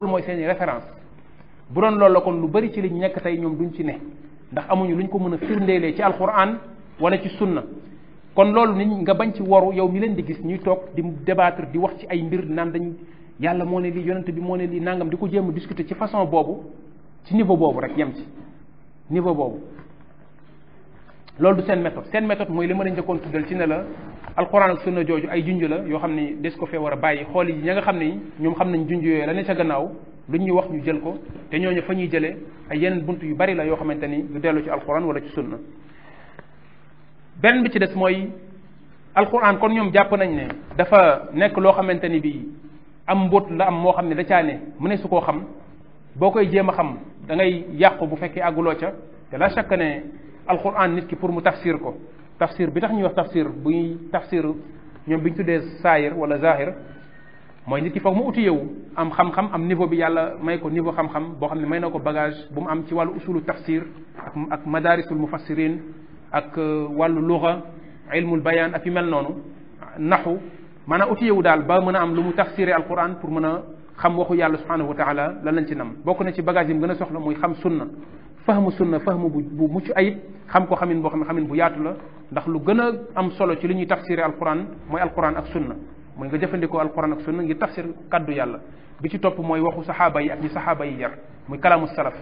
loolu mooy seeni référence bu doon loolu la kon lu bari ci liñ nekk tey ñoom duñ ci ne ndax amuñu luñ ko mën a firndeelee ci alquran wala ci sunna kon loolu nit nga bañ ci waru yow mi leen di gis ñuy toog di débattre di wax ci ay mbir naan dañ yàlla moo ne lii yonent bi moo ne lii nangam di ko jéem a discuter ci façon boobu ci niveau boobu rek yem ci niveau boobu loolu du seen méthode seen méthode mooy li ma la njëkkoon tuddal ci ne la alxuraan ak sunna jooju ay junj la yoo xam ni des ko fee war a bàyyi xool yi ña nga xam ni ñoom xam nañ junj yooyu la ne ca gannaaw lu ñuy wax ñu jël ko te ñooñu fa ñuy jëlee ay yeneen bunt yu bari la yoo xamante ni du dellu ci alxuraan wala ci sunna benn bi ci des mooy alxuraan kon ñoom jàpp nañ ne dafa nekk loo xamante ni bi am mbóot la am moo xam ne da caa ne mu ne su koo xam boo koy jéem a xam da ngay yàqu bu fekkee àgguloo ca te la chaque ne alquran nit ki pour mu tafsir ko tafsir bi tax ñuy wax tafsir buy tafsir ñoom bi ñu tuddee saayir wala zahir mooy nit ki foog mu uti yow am xam-xam am niveau bi yàlla may ko niveau xam-xam boo xam ne may na ko bagage bu mu am ci wàllu usulu tafsir ak ak madarisul mufassirin ak wàllu luga ilmul bayan ak yu mel noonu naxu mën a uti yow daal ba mën a am lu mu tafsiré alquran pour mën a xam waxu yàlla subhanahu wa taala lan lañ ci nam bokk na ci bagage yi mu gën a soxla muy xam sunna fahmu sunna fahmu bu bu mucc ayib xam ko xamin boo xam ne xamin bu yaatu la ndax lu gën a am solo ci li ñuy tafsiré alquran mooy alquran ak sunna mooy nga jëfandikoo alquran ak sunna ngir tafsir kaddu yàlla bi ci topp mooy waxu saxaaba yi ak ñi saxaaba yi yar muy kalaamu salaf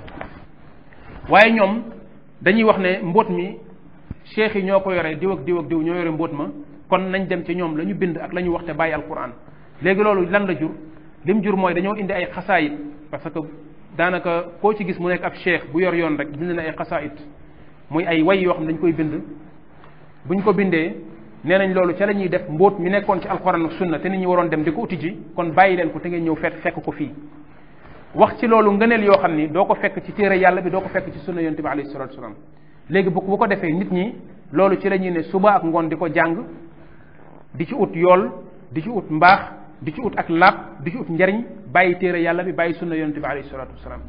waaye ñoom dañuy wax ne mbóot mi cheikh yi ñoo ko yore diw ak diw ak diw ñoo yore mbóot ma kon nañ dem ci ñoom la ñu bind ak la ñu wax te bàyyi alquran léegi loolu lan la jur daanaka koo ci gis mu nekk ab cheikh bu yor yoon rek bind na ay it muy ay way yoo xam ne dañ koy bind bu ñu ko bindee nee nañ loolu ca la ñuy def mbóot mi nekkoon ci alxuraan ak sunna te nit ñi waroon dem di ko uti ji kon bàyyi leen ko te ngeen ñëw fekk fekk ko fii wax ci loolu ngëneel yoo xam ni doo ko fekk ci téere yàlla bi doo ko fekk ci sunna yonte bi alayhi léegi bu bu ko defee nit ñi loolu ci la ñuy ne suba ak ngoon di ko jàng di ci ut yool di ci ut mbaax di ci ut ak laab di ci ut njariñ bàyyi téere yàlla bi bàyyi sunna yonente bi alayhi salatu wasalaam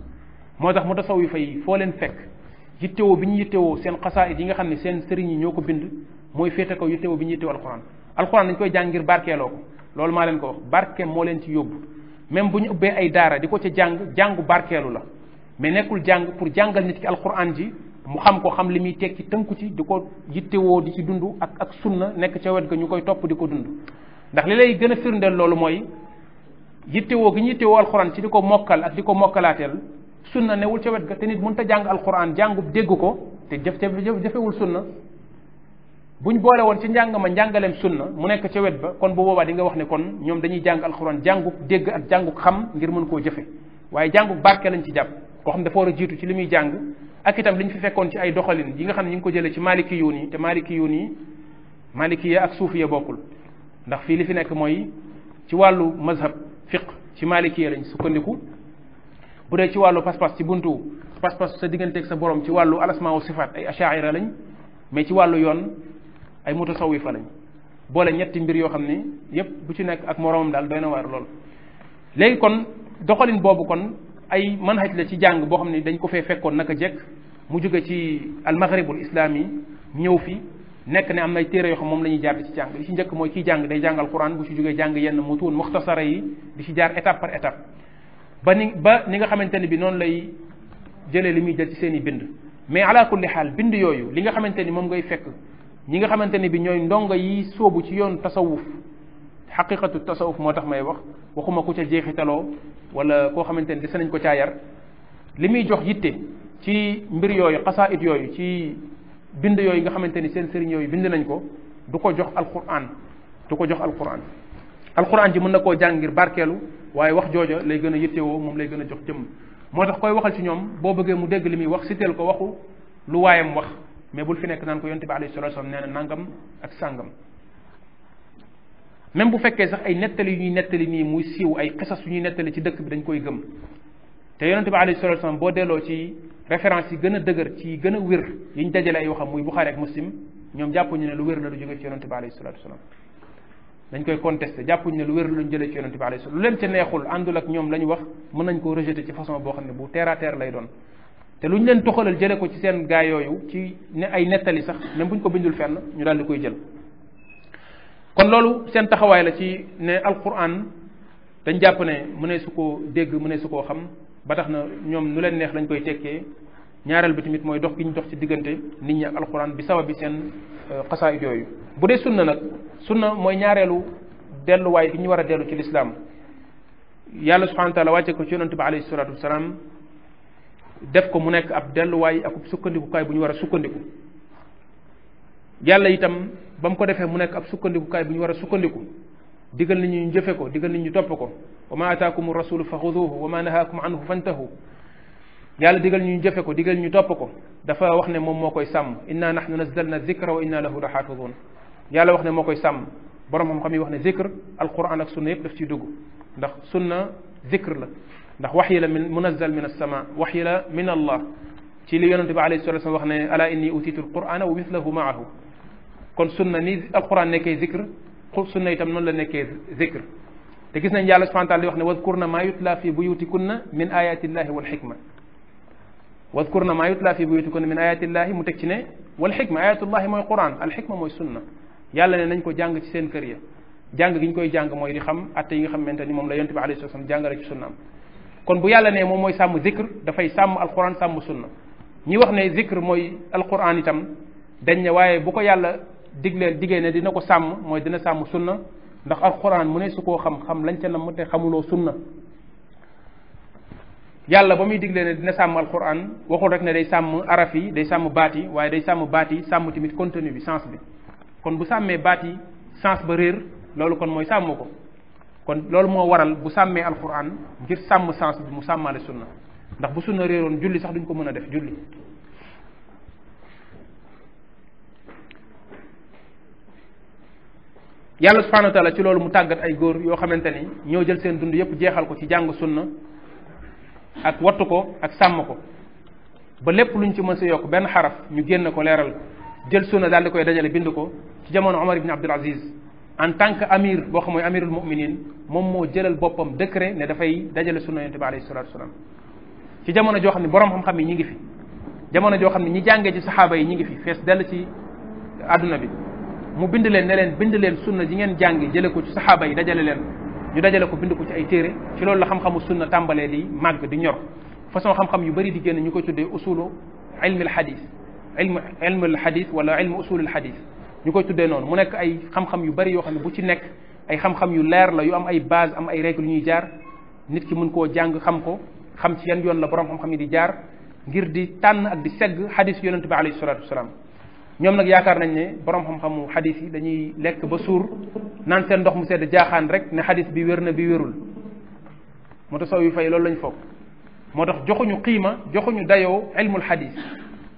moo tax mu tasaw yu fay foo leen fekk yittewoo bi ñu yittewoo seen xasaayid yi nga xam ne seen sëriñ yi ñoo ko bind mooy féete kaw yittewoo bi ñu yittewoo alquran alquran dañ koy jàng ngir barkeeloo ko loolu maa leen ko wax barke moo leen ci yóbbu même bu ñu ubbee ay daara di ko ca jàng jàngu barkeelu la mais nekkul jàng pour jàngal nit ki alquran ji mu xam ko xam li muy tekki tënku ci di ko yittewoo di ci dund ak ak sunna nekk ca wet ga ñu koy topp di ko dund ndax li lay gën a firndeel loolu mooy yittewoo gi ñu yittewoo alxuraan ci di ko mokkal ak di ko mokkalaateel sunna newul ca wet ga te nit mënut a jàng alxuraan jàngu dégg ko te jëf jëfewul sunna buñ boole woon ci njàng ma njàngaleem sunna mu nekk ca wet ba kon bu boobaa di wax ne kon ñoom dañuy jàng alxuraan jàngub dégg ak jàngub xam ngir mën koo jëfe waaye jàngub barke lañ ci jàpp koo xam dafa war a jiitu ci li muy jàng ak itam li ñu fi fekkoon ci ay doxalin yi nga xam ne ñu ngi ko jëlee ci maaliki yuun yi te maaliki yuun yi maaliki ya ak suuf ya bokkul ndax fii li fi nekk mooy ci wàllu mazhab fiq ci maalikiya lañ sukkandiku bu dee ci wàllu pas-pas ci buntu pas-pas sa digganteeg sa boroom ci wàllu alasmaa wa sifaat ay ashaira lañ mais ci wàllu yoon ay fa lañ boole ñetti mbir yoo xam ne yépp bu ci nekk ak moroomam daal doy na waar lool. léegi kon doxalin boobu kon ay manhaj la ci jàng boo xam ne dañ ko fee fekkoon naka jekk mu jóge ci almaghribul islaami ñëw fi. nek ne am nay téré yo xam mom la jaar ci jang li ci ñëk moy ki jang day jangal quran bu ci jógee jang yenn mutuun muxtasara yi di ci jaar étape par étape ba ni ba ni nga xamanteni bi non lay jëlé li jël ci seeni bind mais ala kulli hal bind yoyu li nga xamanteni ni ngay fekk ñi nga xamanteni bi ñoy ndonga yi soobu ci yoon tasawuf haqiqatu tasawuf motax may wax waxuma ku ca jeexitalo wala ko xamanteni ni ko ca yar li jox yitté ci mbir yoyu qasaid yoyu ci bind yooyu nga xamante ni seen sëriñ yooyu bind nañ ko du ko jox alquran du ko jox alquran alquran ji mën na koo jàng ngir barkeelu waaye wax joojo lay gën a yëttewoo moom lay gën a jox jëmm moo tax koy waxal ci ñoom boo bëggee mu dégg li muy wax siteel ko waxu lu waayam wax mais bul fi nekk naan ko yonte bi alayhi salatu wasallam nee na nangam ak sàngam même bu fekkee sax ay nettali yu ñuy nettali nii muy siiw ay xisas yu ñuy nettali ci dëkk bi dañ koy gëm référence yi gën a dëgër ci gën a wér yi ñu dajale ay waxam muy Buxaari ak Muslim ñoom jàppuñu ne lu wér la lu jóge ci yonente bi alayhi salatu wasalam dañ koy ne lu wér la luñ jëlee ci yonente bi alayhi salatu lu leen ci neexul àndul ak ñoom la ñu wax mën nañ koo rejeté ci façon boo xam ne bu terre à lay doon te lu ñu leen toxalal jële ko ci seen gaa yooyu ci ne ay nettali sax même bu ñu ko bindul fenn ñu daal koy jël kon loolu seen taxawaay la ci ne alquran dañ jàpp ne mu ne su ko dégg mu ne su koo xam ba tax na ñoom nu leen neex lañ koy tekkee ñaareel bi tamit mooy dox gi ñu dox ci diggante nit ñi ak alxuraan bi sawa bi seen euh, xasaayid yooyu bu dee sunna nag sunna mooy ñaareelu delluwaay bi ñu war a dellu ci lislaam yàlla subhanahu wa taala wàcce ko ci yonante bi alayhi salatu wasalaam def ko mu nekk ab delluwaay ak sukkandikukaay bu ñu war a sukkandiku yàlla itam ba mu ko defee mu nekk ab sukkandikukaay bu ñu war a sukkandiku digal nit ñu jëfe ko digal nit ñi topp ko وما أتاكم الرسول فخذوه وما نهاكم عنه فانتهوا يالا ديغال ني جافيكو ديغال ني توبكو دا فا واخني موم موكاي سام انا نحن نزلنا الذكر وانا له لحافظون يالا واخني موكاي سام بروم موم خامي واخني ذكر القران اك سنه داف دوغ داخ سنه ذكر لا داخ وحي لا منزل من السماء وحي لا من الله تي لي يونس عليه الصلاه والسلام واخني الا اني اوتيت القران ومثله معه كون سنه ني القران نيكاي ذكر خو سنه تام نون لا نيكاي ذكر te gis nañ yàlla subhanahu taala wax ne wadkurna ma yutla fi buyutikunna min ayati llahi wal xikma wadkurna ma yutla fi buyutikunna min ayati llahi mu teg ci ne wal ayatu llahi mooy quran al xikma mooy sunna yàlla ne nañ ko jàng ci seen kër ya jàng gi ñu koy jàng mooy di xam atte yi nga xamante ni moom la yonte bi alayhi salaam jàngale ci sunnaam kon bu yàlla ne moom mooy sàmm zikr dafay sàmm quran sàmm sunna ñi wax ne zikr mooy quran itam dañ ne waaye bu ko yàlla diglee digee ne dina ko sàmm mooy dina sàmm sunna ndax alxuraan mu ne su koo xam xam lañ ca nam te xamuloo sunna yàlla ba muy digle ne dina sàmm alxuraan waxul rek ne day sàmm araf yi day sàmm baat yi waaye day sàmm baat yi sàmm tamit contenu bi sens bi kon bu sàmmee baat yi sens ba réer loolu kon mooy sàmm ko kon loolu moo waral bu sàmmee alxuraan ngir sàmm sens bi mu sàmmaale sunna ndax bu sunna réeroon julli sax duñ ko mën a def julli yàlla subhanahu wa taala ci loolu mu tàggat ay góor yoo xamante ni ñoo jël seen dund yépp jeexal ko ci jàng sunna ak wattu ko ak sàmm ko ba lépp luñ ci mës a yokk benn xaraf ñu génn ko leeral ko jël sunna daal di koy dajale bind ko ci jamono omar ibn abdul aziz en tant que amir boo xam mooy amirul muminin moom moo jëlal boppam décret ne dafay dajale sunna yonte bi alayhi salatu wasalaam ci jamono joo xam ne borom xam-xam yi ñi ngi fi jamono joo xam ñi jàngee ci saxaaba yi ñi ngi fi fees dell ci àdduna bi mu bind leen ne leen bind leen sunna ji ngeen jàngi jële ko ci saxaaba yi dajale leen ñu dajale ko bind ko ci ay téere ci loolu la xam-xamu sunna tàmbalee di màgg di ñor façon xam-xam yu bëri di génn ñu ko tuddee usulu ilmi alhadis ilmu ilmu alhadis wala ilmu usul alhadis ñu koy tuddee noonu mu nekk ay xam-xam yu bëri yoo xam ne bu ci nekk ay xam-xam yu leer la yu am ay base am ay règle yu ñuy jaar nit ki mën koo jàng xam ko xam ci yan yoon la borom xam-xam yi di jaar ngir di tànn ak di segg hadis yonente bi alayhi salatu wasalaam ñoom nag yaakaar nañ ne borom xam-xamu xadis yi dañuy lekk ba suur naan seen ndox mu sedd jaaxaan rek ne xadis bi wér na bi wérul moo tax saw yu fay loolu lañ foog moo tax joxuñu xiima joxuñu dayoo ilmul xadis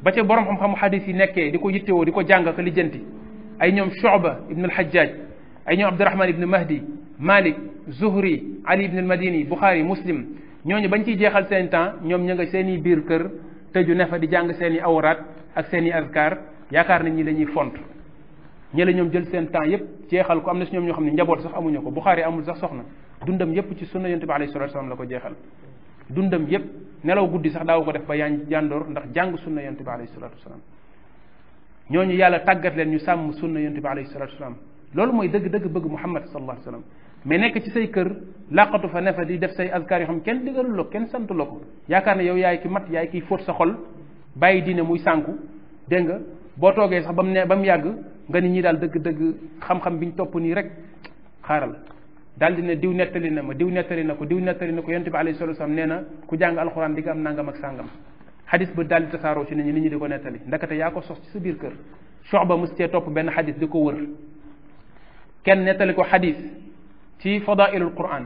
ba ca borom xam-xamu xadis yi nekkee di ko yittewoo di ko jàng ak lijjanti ay ñoom Shuba ibn al-Hajjaj ay ñoom Abdurahman ibn Mahdi Malik Zuhri Ali ibn al-Madini Bukhari Muslim ñooñu bañ ciy jeexal seen temps ñoom ñu nga seen biir kër tëju ne fa di jàng seen i ak seen i yaakaar nañ ñi dañuy font ñi la ñoom jël seen temps yépp jeexal ko am na si ñoom ñoo xam ne njaboot sax amuñu ko buxaari amul sax soxna dundam yépp ci sunna yonte bi alayhi salatu wasalam la ko jeexal dundam yépp nelaw guddi sax daaw ko def ba yaan jàndoor ndax jàng sunna yonte bi alayhi salatu wasalam ñooñu yàlla tàggat leen ñu sàmm sunna yonte bi alayhi salatu wasalam loolu mooy dëgg dëgg bëgg muhammad sallallahu alayhi wasallam mais nekk ci say kër laqatu fa nefa di def say azkar yoo xam kenn digalu la kenn santu la ko yaakaar ne yow yaay ki mat yaay kiy fóot sa xol bàyyi diine muy sànku dégg nga boo toogee sax ba mu ne ba mu yàgg nga ni ñii daal dëgg-dëgg xam-xam biñ topp nii rek xaaral daal di ne diw nettali na ma diw nettali na ko diw nettali na ko yonte bi alayhi salatu wasalam nee na ku jàng alquran di nga am nangam ak sàngam hadis ba daal di tasaaroo ci nit ñi ñi di ko nettali ndakate yaa ko sos ci sa biir kër soxba mus cee topp benn hadis di ko wër kenn nettali ko hadis ci fadailul quran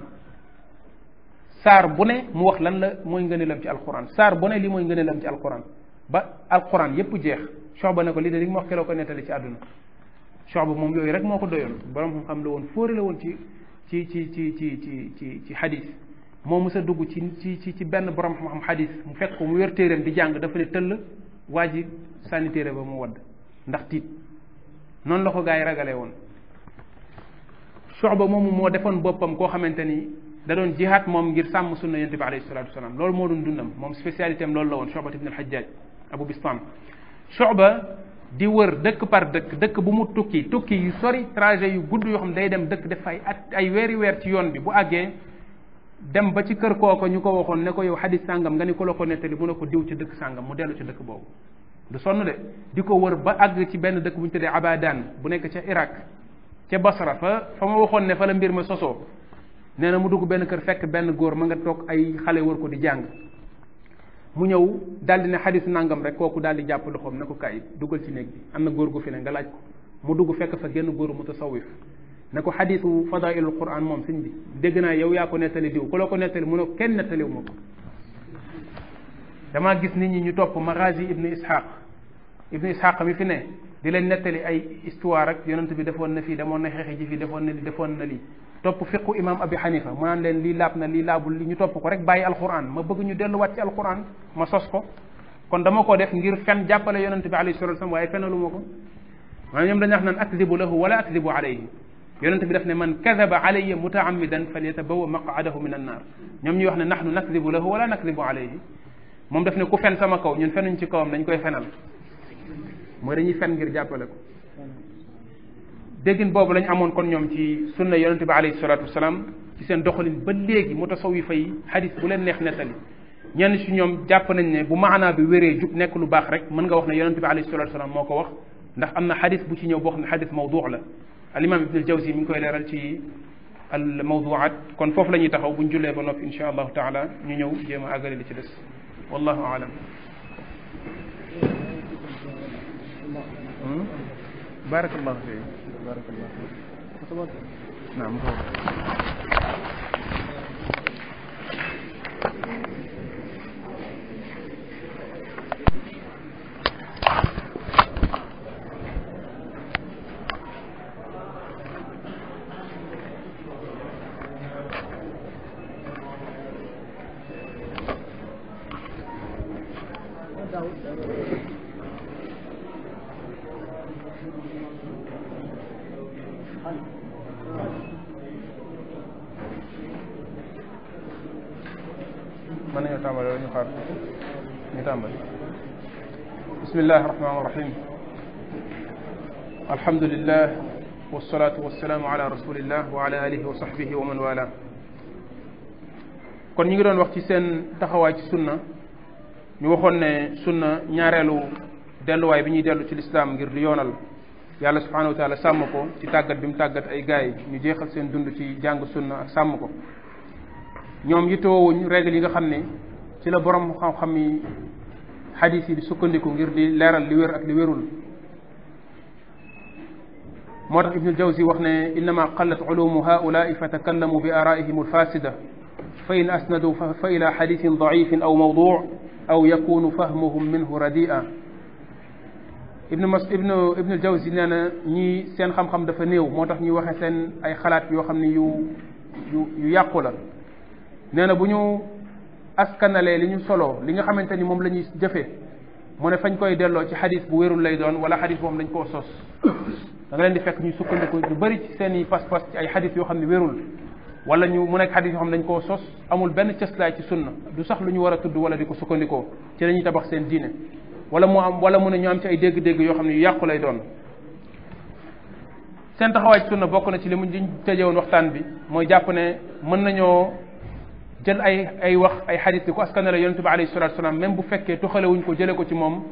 saar bu ne mu wax lan la mooy ngëneelam ci alquran saar bu ne li mooy ngëneelam ci alquran ba alquran yépp jeex Shuba ne ko lii de li nga ma wax keroog ko nettali ci àdduna Shuba moom yooyu rek moo ko doyoon borom xam-xam la woon fóore la woon ci ci ci ci ci ci ci ci xadis moo mës dugg ci ci ci ci benn borom xam-xam xadis mu fekk ko mu yor téereem di jàng dafa ne tëll waa ji sànni téere ba mu wadd ndax tiit noonu la ko gaa yi ragalee woon Shuba moomu moo defoon boppam koo xamante ni da doon jihaat moom ngir sàmm sunna yonent bi alayhi salaatu wasalaam loolu moo doon dundam moom spécialité am la woon Shuba ibn al-Hajjaj ba di wër dëkk par dëkk dëkk bu mu tukki tukki yu sori trajet yu gudd yoo xam day dem dëkk def ay at ay weeri weer ci yoon bi bu àggee dem ba ci kër kooko ñu ko waxoon ne ko yow xadis sàngam nga ni ko la ko nettali mu ne ko diw ci dëkk sàngam mu dellu ci dëkk boobu du sonn de di ko wër ba àgg ci benn dëkk bu ñu tuddee Abadan bu nekk ca Irak ca Basra fa fa ma waxoon ne fa la mbir ma sosoo nee na mu dugg benn kër fekk benn góor ma nga toog ay xale wër ko di jàng mu ñëw daal di ne xadis nangam rek kooku daal di jàpp loxoom na ko kaay dugal ci néeg bi am na góor gu fi ne nga laaj ko mu dugg fekk fa génn góoru mutasawif ne ko xadisu fadailul quran moom sëñ bi dégg naa yow yaa ko nettali diw ku la ko nettali mu ne kenn nettaliwu ko damaa gis nit ñi ñu topp magazi ibnu ishaq ibnu ishaq mi fi ne di leen nettali ay histoire ak yonent bi defoon na fii demoon na xeexi ji fii defoon na li defoon na lii topp fiqu imam abi hanifa mu naan leen lii laab na lii laabul li ñu topp ko rek bàyyi alquran ma bëgg ñu delluwaat ci alquran ma sos ko kon dama ko def ngir fen jàppale yonente bi alayhi salatu wasallam waaye fenalu ma ko maanaam ñoom wax naan akdibu lahu wala akdibu alayhi yonente bi daf ne man kadaba alayya mutaamidan falyatabawa maqadahu min annar ñoom ñuy wax ne nahnu nakdibu lahu wala nakdibu alayhi moom daf ne ku fen sama kaw ñun fenuñ ci kawam dañ koy fenal mooy dañuy fen ngir jàppale ko déggin boobu lañ amoon kon ñoom ci sunna yonente bi alayhi salatu wasalaam ci seen doxalin ba léegi mu tasawifa yi xadis bu leen neex nettali ñenn si ñoom jàpp nañ ne bu maana bi wéree jub nekk lu baax rek mën nga wax ne yonente bi alayhi salatu wasalaam moo ko wax ndax am na xadis bu ci ñëw boo xam ne xadis mawduu la al imam ibn al jawzi mi ngi koy leeral ci al mawduat kon foofu la ñuy taxaw buñ jullee ba noppi insha allahu taala ñu ñëw jéem a àggale li ci des wallahu alam بارك الله فيك بارك الله فيك نعم تفضل بسم الله الرحمن الرحيم الحمد لله والصلاة والسلام على رسول الله وعلى آله وصحبه ومن والاه كون نيغي دون وقتي سين تخاواي سي سنة ني وخون ني سنة نياريلو دلو واي بي دلو سي الاسلام غير ليونال يالا سبحانه وتعالى سامكو سي تاغات بيم تاغات اي غاي ني جيخال سين دوند سي جانغ سنة اك سامكو نيوم يتو ووغ ريغل ييغا خامني سي لا بوروم خام خامي xadis yi di sukkandiku ngir di leeral li wér ak li wérul moo tax ibnul jawsi wax ne innama qallat culumu fa takallamu bi araihim alfasida fa in asnadu fa ila xadisin dacifin aw mawduc aw yakunu fahmuhum minhu radia ibnu mas ibnu ibnu jawsi nee na ñii seen xam-xam dafa néew moo tax waxe seen ay xalaat yoo xam ne yu yu yu yàqu la nee na bu ñu askanalee li ñu soloo li nga xamante ni moom la ñuy jëfee mu ne fañ koy delloo ci xadis bu wérul lay doon wala xadis moom dañ koo sos da leen di fekk ñuy sukkandiku ñu bëri ci seen i pas-pas ci ay xadis yoo xam ne wérul wala ñu mu nekk xadis yoo xam ne dañ koo sos amul benn cëslaay ci sunna du sax lu ñu war a tudd wala di ko sukkandikoo ci la ñuy tabax seen diine wala mu am wala mu ne ñu am ci ay dégg-dégg yoo xam ne yu yàqu lay doon seen taxawaay ci sunna bokk na ci li mu liñ tëjewoon waxtaan bi mooy jàpp ne mën nañoo jël ay ay wax ay xadis ko askan la yonente bi alayhi salatu wasalaam même bu fekkee tuxale ko jële ko ci moom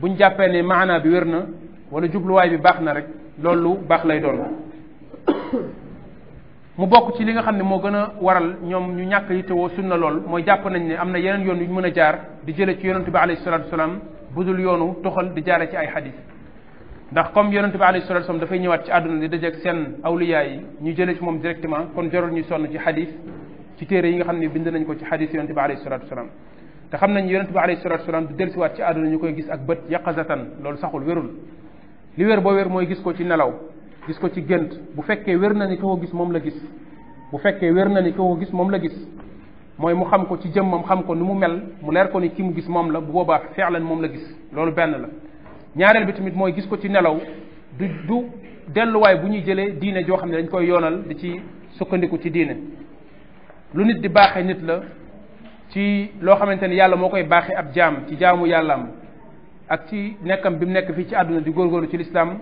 buñ jàppee ne maanaa bi wér na wala jubluwaay bi baax na rek loolu baax lay doon mu bokk ci li nga xam ne moo gën a waral ñoom ñu ñàkk yittewoo sunna lool mooy jàpp nañ ne am na yeneen yoon yu ñu mën a jaar di jële ci yonente bi alayhi salatu wasalaam budul yoonu tuxal di jaare ci ay xadis ndax comme yonente bi alayhi salatu wasalaam dafay ñëwaat ci àdduna di dajeeg seen awliyaa yi ñu jële ci moom directement kon jarul ñu sonn ci xadis ci téere yi nga xam ne bind nañ ko ci xadis yonente bi alayhi salatu wasalaam te xam nañ yonente bi alayhi salatu wasalaam du delsiwaat ci àdduna ñu koy gis ak bët yaqazatan loolu saxul wérul li wér boo wér mooy gis ko ci nelaw gis ko ci gént bu fekkee wér na ni ko gis moom la gis bu fekkee wér na ni ko gis moom la gis mooy mu xam ko ci jëmmam xam ko nu mu mel mu leer ko ni ki mu gis moom la bu boobaa feexlan moom la gis loolu benn la ñaareel bi tamit mooy gis ko ci nelaw du du delluwaay bu ñuy jëlee diine joo xam ne dañ koy yoonal di ci sukkandiku ci diine lu nit di baaxee nit la ci loo xamante ni yàlla moo koy baaxee ab jaam ci jaamu yàllaam ak ci nekkam bi mu nekk fii ci àdduna di góorgóorlu ci lislaam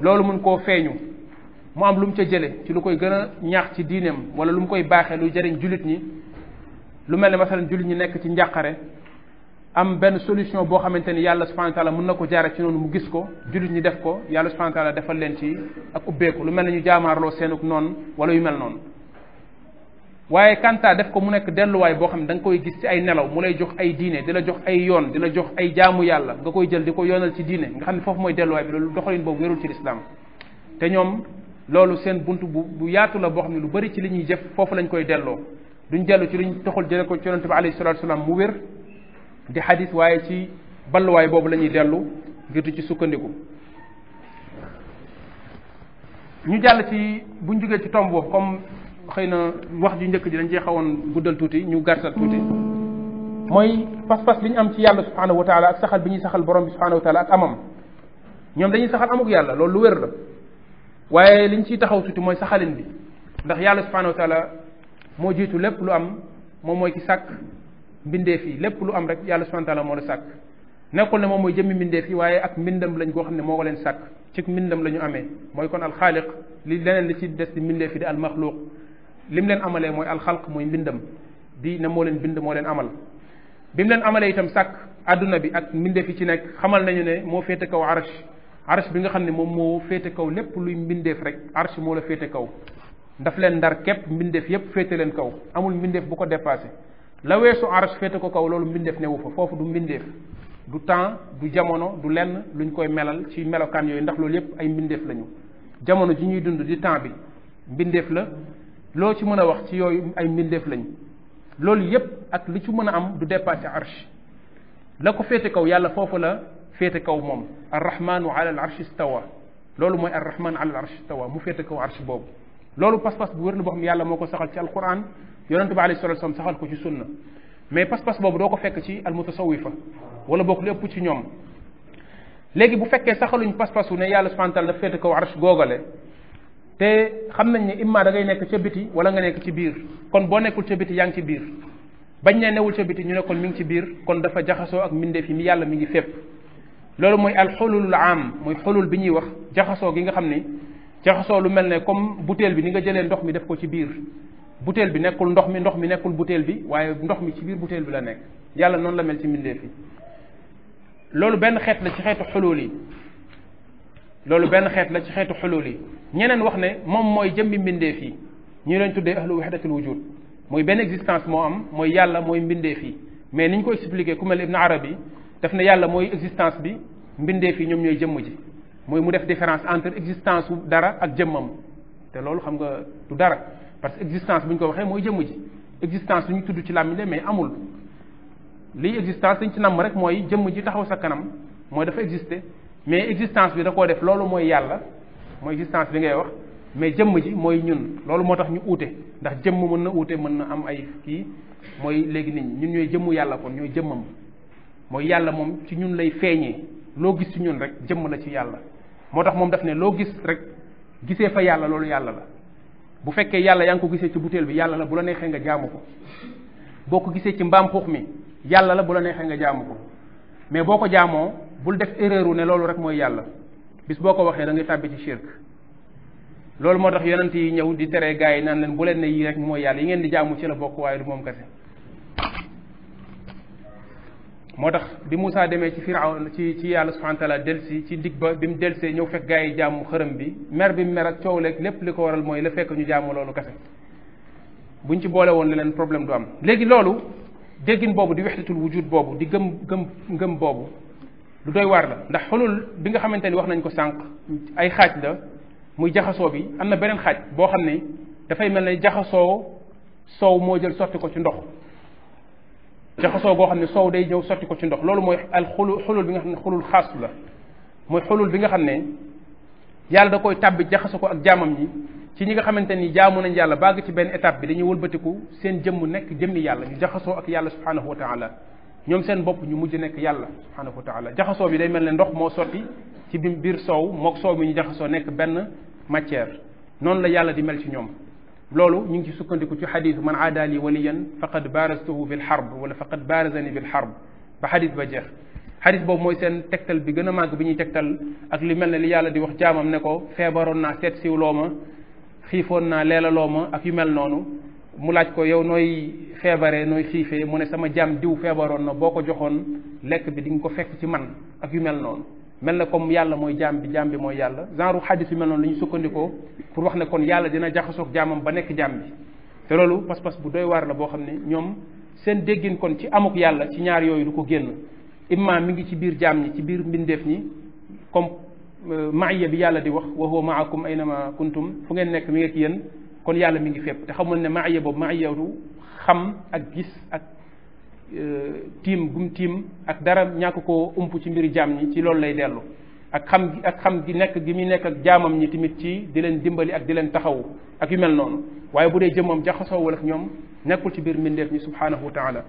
loolu mun koo feeñu mu am lu mu ca jële ci lu koy gën a ñaax ci diineem wala lu mu koy baaxee lu jariñ jullit ñi lu mel ne masalan jullit ñi nekk ci njàqare am benn solution boo xamante ni yàlla subhanahu wa taala mën na ko jaare ci noonu mu gis ko jullit ñi def ko yàlla subhanahu wa defal leen ci ak ubbeeku lu mel ne ñu jaamaarloo seenuk noonu wala yu mel noonu waaye kanta def ko mu nekk delluwaay boo xam ne da koy gis ci ay nelaw mu lay jox ay diine di la jox ay yoon di la jox ay jaamu yàlla nga koy jël di ko yoonal ci diine nga xam ne foofu mooy delluwaay bi loolu doxalin boobu wérul ci lislaam te ñoom loolu seen bunt bu bu yaatu la boo xam ne lu bari ci li ñuy jëf foofu lañu koy delloo duñ dellu ci luñ toxul jële ko ci yonente bi alayhi salatu salaam mu wér di xadis waaye ci balluwaay boobu lañuy ñuy dellu ngir di sukkandiku ñu jàll ci buñ jógee ci tomb xëy na wax ju njëkk ji dañ cee xawoon guddal tuuti ñu gàttal tuuti mooy pas-pas bi ñu am ci yàlla subhanahu wa taala ak saxal bi ñuy saxal borom bi subhanahu wa taala ak amam ñoom dañuy saxal amuk yàlla loolu lu wér la waaye liñ ciy taxaw tuuti mooy saxalin bi ndax yàlla subhanahu wa taala moo jiitu lépp lu am moom mooy ki sàkk mbindeef yi lépp lu am rek yàlla subhanahu wa taala moo la sàkk nekkul ne moom mooy jëmmi mbindeef yi waaye ak mbindam lañ koo xam ne moo ko leen sàkk ci mbindam la ñu amee mooy kon alxaaliq li leneen li ci des di mbindeef yi di almaxluuq lim leen amalee mooy alxalq mooy mbindam di ne moo leen bind moo leen amal bim leen amalee itam sàkk àdduna bi ak mbindeef fi ci nekk xamal nañu ne moo féete kaw arsh arsh bi nga xam ne moom moo féete kaw lépp luy mbindeef rek arsh moo la féete kaw daf leen ndar képp mbindeef yépp féete leen kaw amul mbindeef bu ko dépassé la weesu arsh féete ko kaw loolu mbindeef newu fa foofu du mbindeef du temps du jamono du lenn luñ koy melal ci melokaan yooyu ndax loolu yépp ay mbindeef lañu jamono ji ñuy dund di temps bi mbindeef la loo ci mën a wax ci yooyu ay mbindeef lañ loolu yépp ak li ci mën a am du dépassé arche la ko féete kaw yàlla foofu la féete kaw moom arrahmanu ala al arshi stawa loolu mooy arrahman ala al arshi stawa mu féete kaw arche boobu loolu pas-pas bu wér la boo xam yàlla moo ko saxal ci alquran yonente bi alayhi salatu saxal ko ci sunna mais pas-pas boobu doo ko fekk ci al mutasawifa wala bokk li ëpp ci ñoom léegi bu fekkee saxaluñ pas-pasu ne yàlla subhanahu taala dafa féete kaw arsh googale te xam nañ ne imma da ngay nekk ca biti wala nga nekk ci biir kon boo nekkul ca biti yaa ngi ci biir bañ ne newul ca biti ñu nekkoon kon mi ngi ci biir kon dafa jaxasoo ak mbindeef yi mi yàlla mu ngi fépp loolu mooy alxulul am mooy xulul bi ñuy wax jaxasoo gi nga xam ni jaxasoo lu mel ne comme butéel bi ni nga jëlee ndox mi def ko ci biir butéel bi nekkul ndox mi ndox mi nekkul butéel bi waaye ndox mi ci biir butéel bi la nekk yàlla noonu la mel ci mbindeef loolu benn xeet la yi loolu benn xeet la ci xeetu xulul yi ñeneen wax ne moom mooy jëmbi mbindeef yi ñu leen tuddee ahlu wahdatul wujud mooy benn existence moo am mooy yàlla mooy mbindeef yi mais ni ñu ko expliqué ku mel ibn arabi daf ne yàlla mooy existence bi mbindeef yi ñoom ñooy jëmm ji mooy mu def différence entre existence dara ak jëmmam te loolu xam nga du dara parce que existence bu ñu ko waxee mooy jëmm ji existence ñu tudd ci làmmiñ la mais amul lii existence dañ ci namm rek mooy jëmm ji taxaw sa kanam mooy dafa exister mais existence bi da koo def loolu mooy yàlla mooy existence bi ngay wax mais jëmm ji mooy ñun loolu moo tax ñu uute ndax jëmm mën na uute mën na am ay kii mooy léegi nit ñi ñun ñooy jëmmu yàlla kon ñooy jëmmam mooy yàlla moom ci ñun lay feeñee loo gis ci ñun rek jëmm la ci yàlla moo tax moom daf ne loo gis rek gisee fa yàlla loolu yàlla la bu fekkee yàlla yaa ngi ko gisee ci butéel bi yàlla la bu la neexee nga jaamu ko boo ko gisee ci mbaam xuux mi yàlla bu la neexee nga jaamu ko bul def erreur ne loolu rek mooy yàlla bis boo ko waxee da ngay tàbbi ci shirk loolu moo tax yonent yi ñëw di tere gaa yi naan leen bu leen ne yii rek mooy yàlla yi ngeen di jaamu ci la bokk waaye du moom kese moo tax bi Moussa demee ci Firawn ci ci yàlla subhanahu wa taala delsi ci ndig ba bi mu delsee ñëw fekk gars yi jàmmu xërëm bi mer bi mu mer ak coow leeg lépp li ko waral mooy la fekk ñu jàmm loolu kese buñ ci boole woon leen problème du am léegi loolu déggin boobu di wextatul wujud boobu di gëm gëm ngëm boobu du doy war la ndax xulul bi nga xamante ni wax nañ ko sànq ay xaaj la muy jaxasoo bi am na beneen xaaj boo xam ne dafay mel ne jaxasoo soow moo jël sotti ko ci ndox jaxasoo goo xam ne soow day ñëw sotti ko ci ndox loolu mooy al xulu xulul bi nga xam ne xulul xaasu la mooy xulul bi nga xam ne yàlla da koy tàbbi jaxasoo ko ak jaamam ñi ci ñi nga xamante ni jaamu nañ yàlla baag ci benn étape bi dañuy wëlbatiku seen jëmm nekk jëmmi yàlla ñu jaxasoo ak yàlla subhanahu wa taala ñoom seen bopp ñu mujj nekk yàlla subhanahu wa taala jaxasoo bi day mel ne ndox moo sotti ci bi biir soow moog soow mi ñu jaxasoo nekk benn matière noonu la yàlla di mel ci ñoom loolu ñu ngi ci sukkandiku ci xadisu man aadaali waliyan faqad baarastuhu bil xarb wala faqad baarazani bil xarb ba xadis ba jeex xadis boobu mooy seen tegtal bi gën a màgg bi ñuy tegtal ak li mel ne li yàlla di wax jaamam ne ko feebaroon naa seet siwloo ma xiifoon naa leelaloo ma ak yu mel noonu mu laaj ko yow nooy feebaree nooy xiifee mu ne sama jaam diw feebaroon na boo ko joxoon lekk bi di nga ko fekk ci man ak yu mel noonu mel na comme yàlla mooy jaam bi jaam bi mooy yàlla genre xadis yu mel noonu la ñu sukkandikoo pour wax ne kon yàlla dina jaxasoog jaamam ba nekk jaam bi te loolu pas-pas bu doy waar la boo xam ne ñoom seen déggin kon ci amuk yàlla ci ñaar yooyu du ko génn imma mi ngi ci biir jaam ñi ci biir mbindeef ñi comme euh, maaya bi yàlla di wax wa huwa maakum aynama kuntum fu ngeen nekk mi n ak kon yàlla mi ngi fépp te xamul ne maaya boobu maayatu xam ak gis ak tiim gum tiim ak dara ñàkk koo ump ci mbiri jaam ñi ci loolu lay dellu ak xam gi ak xam gi nekk gi muy nekk ak jaamam ñi tamit ci di leen dimbali ak di leen taxaw ak yu mel noonu waaye bu dee jëmmam jaxasoo wala ñoom nekkul ci biir mbindeef ñi subhanahu wa taala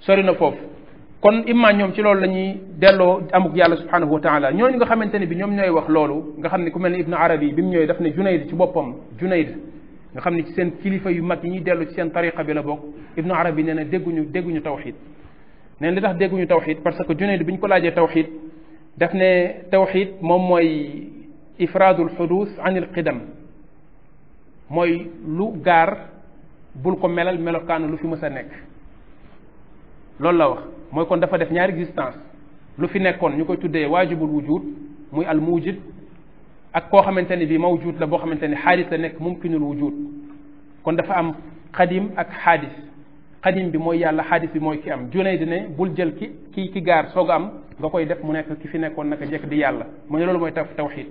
sori na foofu kon imma ñoom ci loolu la ñuy delloo amuk yàlla subhanahu wa taala ñooñu nga xamante ne bi ñoom ñooy wax loolu nga xam ne ku mel ne ibnu arabi bi mu ñëwee daf ne junayd ci boppam junayd nga xam ne ci seen kilifa yu mag yi ñuy dellu ci seen tariqa bi la bokk ibnu arabi nee na dégguñu dégguñu tawxid neen li tax dégguñu tawxid parce que junayd bi ñu ko laajee tawxid daf ne tawxid moom mooy ifraadul xudus anil qidam mooy lu gaar bul ko melal melokaanu lu fi mës a nekk loolu la wax mooy kon dafa def ñaari existence lu fi nekkoon ñu koy tuddee waajibul wujud muy al mujid ak koo xamante ni bii mawjud la boo xamante ni xaadis la nekk mumkinul wujud kon dafa am xadim ak xaadis xadim bi mooy yàlla xaadis bi mooy ki am june di ne bul jël ki ki ki gaar soog a am nga koy def mu nekk ki fi nekkoon naka jekk di yàlla mu ne loolu mooy taw tawxid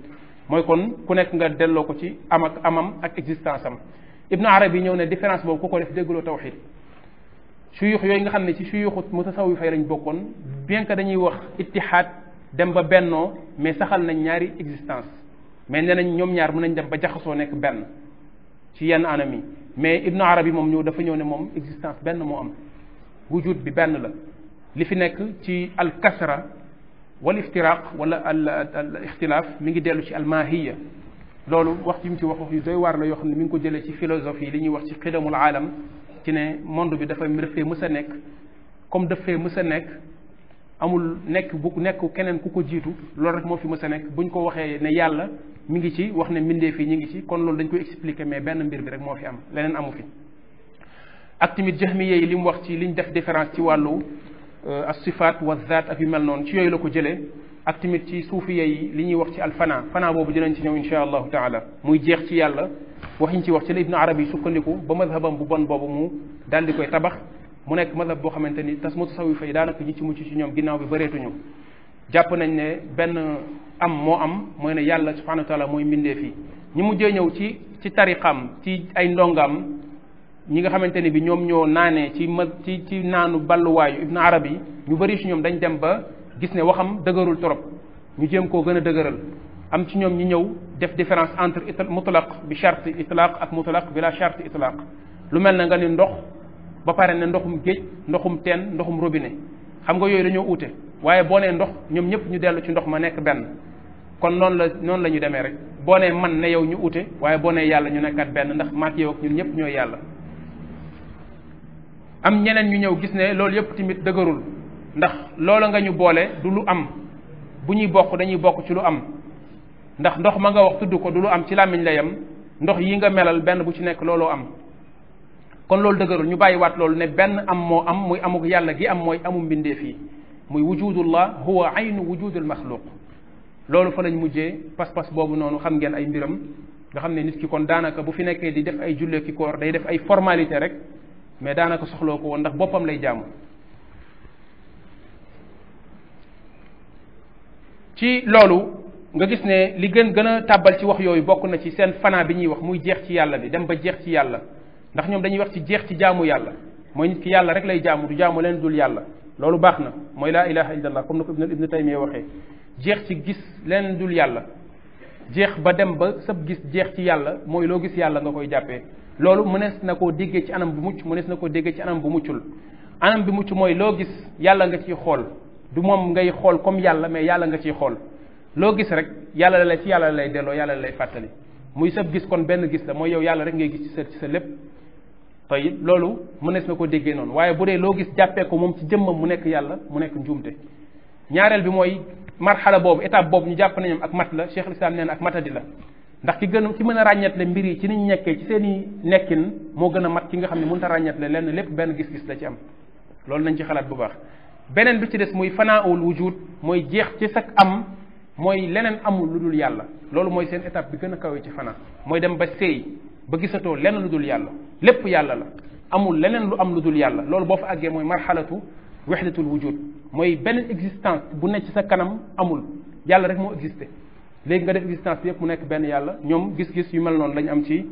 mooy kon ku nekk nga delloo ko ci am ak amam ak existence am ibnu arabi yi ñëw ne différence boobu ku ko def déggloo tawxid شيوخ يوي خا نني شيوخ متصوفا لاني بوكون بيان كاني واخ اتحاد دم با بنو مي اكزيستانس مي نانا نيوم نيار مون نني دم با جاخسو سي يان انامي مي ابن عربي موم نيو دا فا نيو ني موم وجود بي بن لا لي الكسره والافتراق ولا الاختلاف ميغي ديلو سي الماهيه لولو وقت يمشي وقت يزوي وارلو يخلي منكو جيلي سي فيلوزوفي لي ني وقت سي قدم العالم ci ne monde bi dafa dafay mës a nekk comme dafay mës a nekk amul nekk bu nekk keneen ku ko jiitu loolu rek moo fi mës a nekk buñ ko waxee ne yàlla mu ngi ci wax ne mbindeef fii ñu ngi ci kon loolu dañ koy expliquer mais benn mbir bi rek moo fi am leneen amu fi. ak tamit mi yeey li mu wax ci li ñu def différence ci wàllu euh, as-sifaat wa zaat ak yu mel noonu ci yooyu la ko jëlee ak tamit ci suufiya yeey li ñuy wax ci al-fana fana boobu dinañ ci ñëw insha allahu taala muy jeex ci yàlla. wax ñu ci wax ci la ibnu arabi sukkandiku ba mazhabam bu bon boobu mu daal koy tabax mu nekk mazhab boo xamante ni tas mutasawif yi daanaka ñi ci mujj ci ñoom ginnaaw bi bëreetuñu jàpp nañ ne benn am moo am mooy ne yàlla subhanahu mooy mbindee fii ñi mujjee ñëw ci ci tarixam ci ay ndongaam ñi nga xamante ni bi ñoom ñoo naanee ci ma ci ci naanu balluwaayu ibnu yi ñu bari si ñoom dañ dem ba gis ne waxam dëgërul trop ñu jéem koo gën a dëgëral am ci ñoom ñi ñëw def différence entre it mutlaq bi charte itlaq ak mutlaq bi la charte itlaq lu mel na nga ni ndox ba pare ne ndoxum géej ndoxum teen ndoxum robine xam nga yooyu dañoo ute waaye boo nee ndox ñoom ñëpp ñu dellu ci ndox ma nekk benn kon noonu la noonu la ñu demee rek boo nee man ne yow ñu uute waaye boo nee yàlla ñu nekkaat benn ndax maak yow ak ñun ñëpp ñooy yàlla am ñeneen ñu ñëw gis ne loolu yëpp tamit dëgërul ndax loola nga ñu boole du lu am bu ñuy bokk dañuy bokk ci lu am ndax ndox ma nga wax tudd ko du lu am ci làmmiñ la yem ndox yi nga melal benn bu ci nekk looloo am kon loolu dëgërul ñu bàyyiwaat loolu ne benn am moo am muy amuk yàlla gi am mooy amu mbindeef yi muy wujudullah huwa aynu wujudul maxluq loolu fa lañ mujjee pas-pas boobu noonu xam ngeen ay mbiram nga xam ne nit ki kon daanaka bu fi nekkee di def ay jullee ki day def ay formalité rek mais daanaka soxloo ko woon ndax boppam lay jaamu ci loolu nga gis ne li gën gën a tàbbal ci wax yooyu bokk na ci seen fanaa bi ñuy wax muy jeex ci yàlla bi dem ba jeex ci yàlla ndax ñoom dañuy wax ci jeex ci jaamu yàlla mooy nit yàlla rek lay jaamu du leen dul yàlla loolu baax na mooy laa ilaha illallah comme na ko ibnu taymiya waxee jeex ci gis leen dul yàlla jeex ba dem ba sab gis jeex ci yàlla mooy loo gis yàlla nga koy jàppee loolu mënees na koo déggee ci anam bu mucc mënees na koo déggee ci anam bu muccul anam bi mucc mooy loo gis yàlla nga ciy xool du moom ngay xool comme yàlla mais yàlla nga ciy xool loo gis rek yàlla la la ci yàlla lay delloo yàlla lay fàttali muy sab gis kon benn gis la mooy yow yàlla rek ngay gis ci sa ci sa lépp tey loolu mënees na ko déggee noonu waaye bu dee loo gis jàppee ko moom ci jëmmam mu nekk yàlla mu nekk njuumte ñaareel bi mooy marxala boobu étape boobu ñu jàpp nañu ak mat la Cheikh Islam nee na ak matadi la ndax ki gën ki mën a ràññetle mbir yi ci niñ nekkee ci seen nekkin moo gën a mat ki nga xam ne mënut a ràññetle lenn lépp benn gis-gis la ci am loolu nañ xalaat bu baax beneen bi ci des muy fanaaul wujud mooy jeex ci sak am mooy leneen amul lu dul yàlla loolu mooy seen étape bi gën a kawe ci fana mooy dem ba seey ba gisatoo leneen lu dul yàlla lépp yàlla la amul leneen lu am lu dul yàlla loolu boo fa àggee mooy marxalatu wahdatul wujud mooy benn existence bu ne ci sa kanam amul yàlla rek moo existé léegi nga def existence yëpp mu nekk benn yàlla ñoom gis-gis yu mel noonu lañu am ci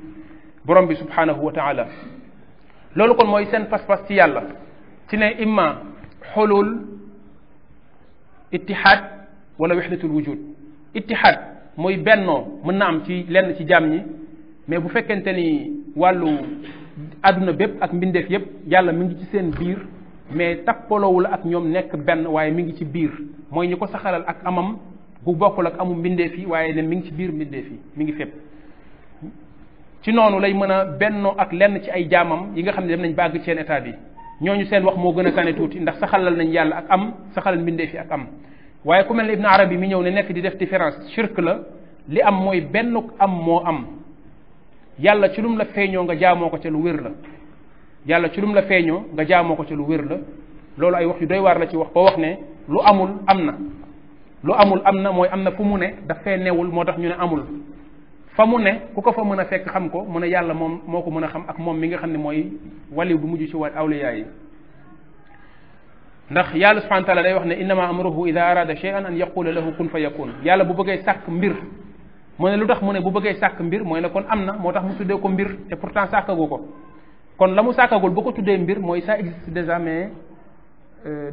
borom bi subhanahu wa taala loolu kon mooy seen pas-pas ci yàlla ci ne imma xulul ittihaad wala wahdatul wujud ittihad mooy bennoo mën na am ci lenn ci jaam ñi mais bu fekkente ni wàllu aduna bépp ak mbindeef yépp yàlla mi ngi ci seen biir mais tappalowul ak ñoom nekk benn waaye mi ngi ci biir mooy ñi ko saxalal ak amam bu bokkul ak amu mbindeef yi waaye ne mi ngi ci biir mbindeef yi mi ngi fépp ci noonu lay mën a bennoo ak lenn ci ay jaamam yi nga xam ne dem nañ bàgg seen état bi ñooñu seen wax moo gën a tane tuuti ndax saxalal nañ yàlla ak am saxalal mbindeef yi ak am waaye ku mel ne Ibn Arabi mi ñëw ne nekk di def différence shirk la li am mooy benn am moo am yàlla ci lum la feeñoo nga jaamoo ko ca lu wér la yàlla ci la feeñoo nga jaamoo ko ca lu wér la loolu ay wax yu doy waar la ci wax ba wax ne lu amul am na lu amul am na mooy am na fu mu ne daf fee newul moo tax ñu ne amul fa mu ne ku ko fa mën a fekk xam ko mu ne yàlla moom moo ko mën a xam ak moom mi nga xam ne mooy waliw bu mujj ci wa awliyaa yi ndax yàlla subhana taala day wax ne innama amruhu ida arada cheyan an yaqula lahu kun fa yakun yàlla bu bëggee sàkk mbir mu ne lu tax mu ne bu bëggee sàkk mbir mooy ne kon am na moo tax mu tuddee ko mbir te pourtant sàkkagu ko kon la mu sàkkagul bu ko tuddee mbir mooy ça existe déjà mais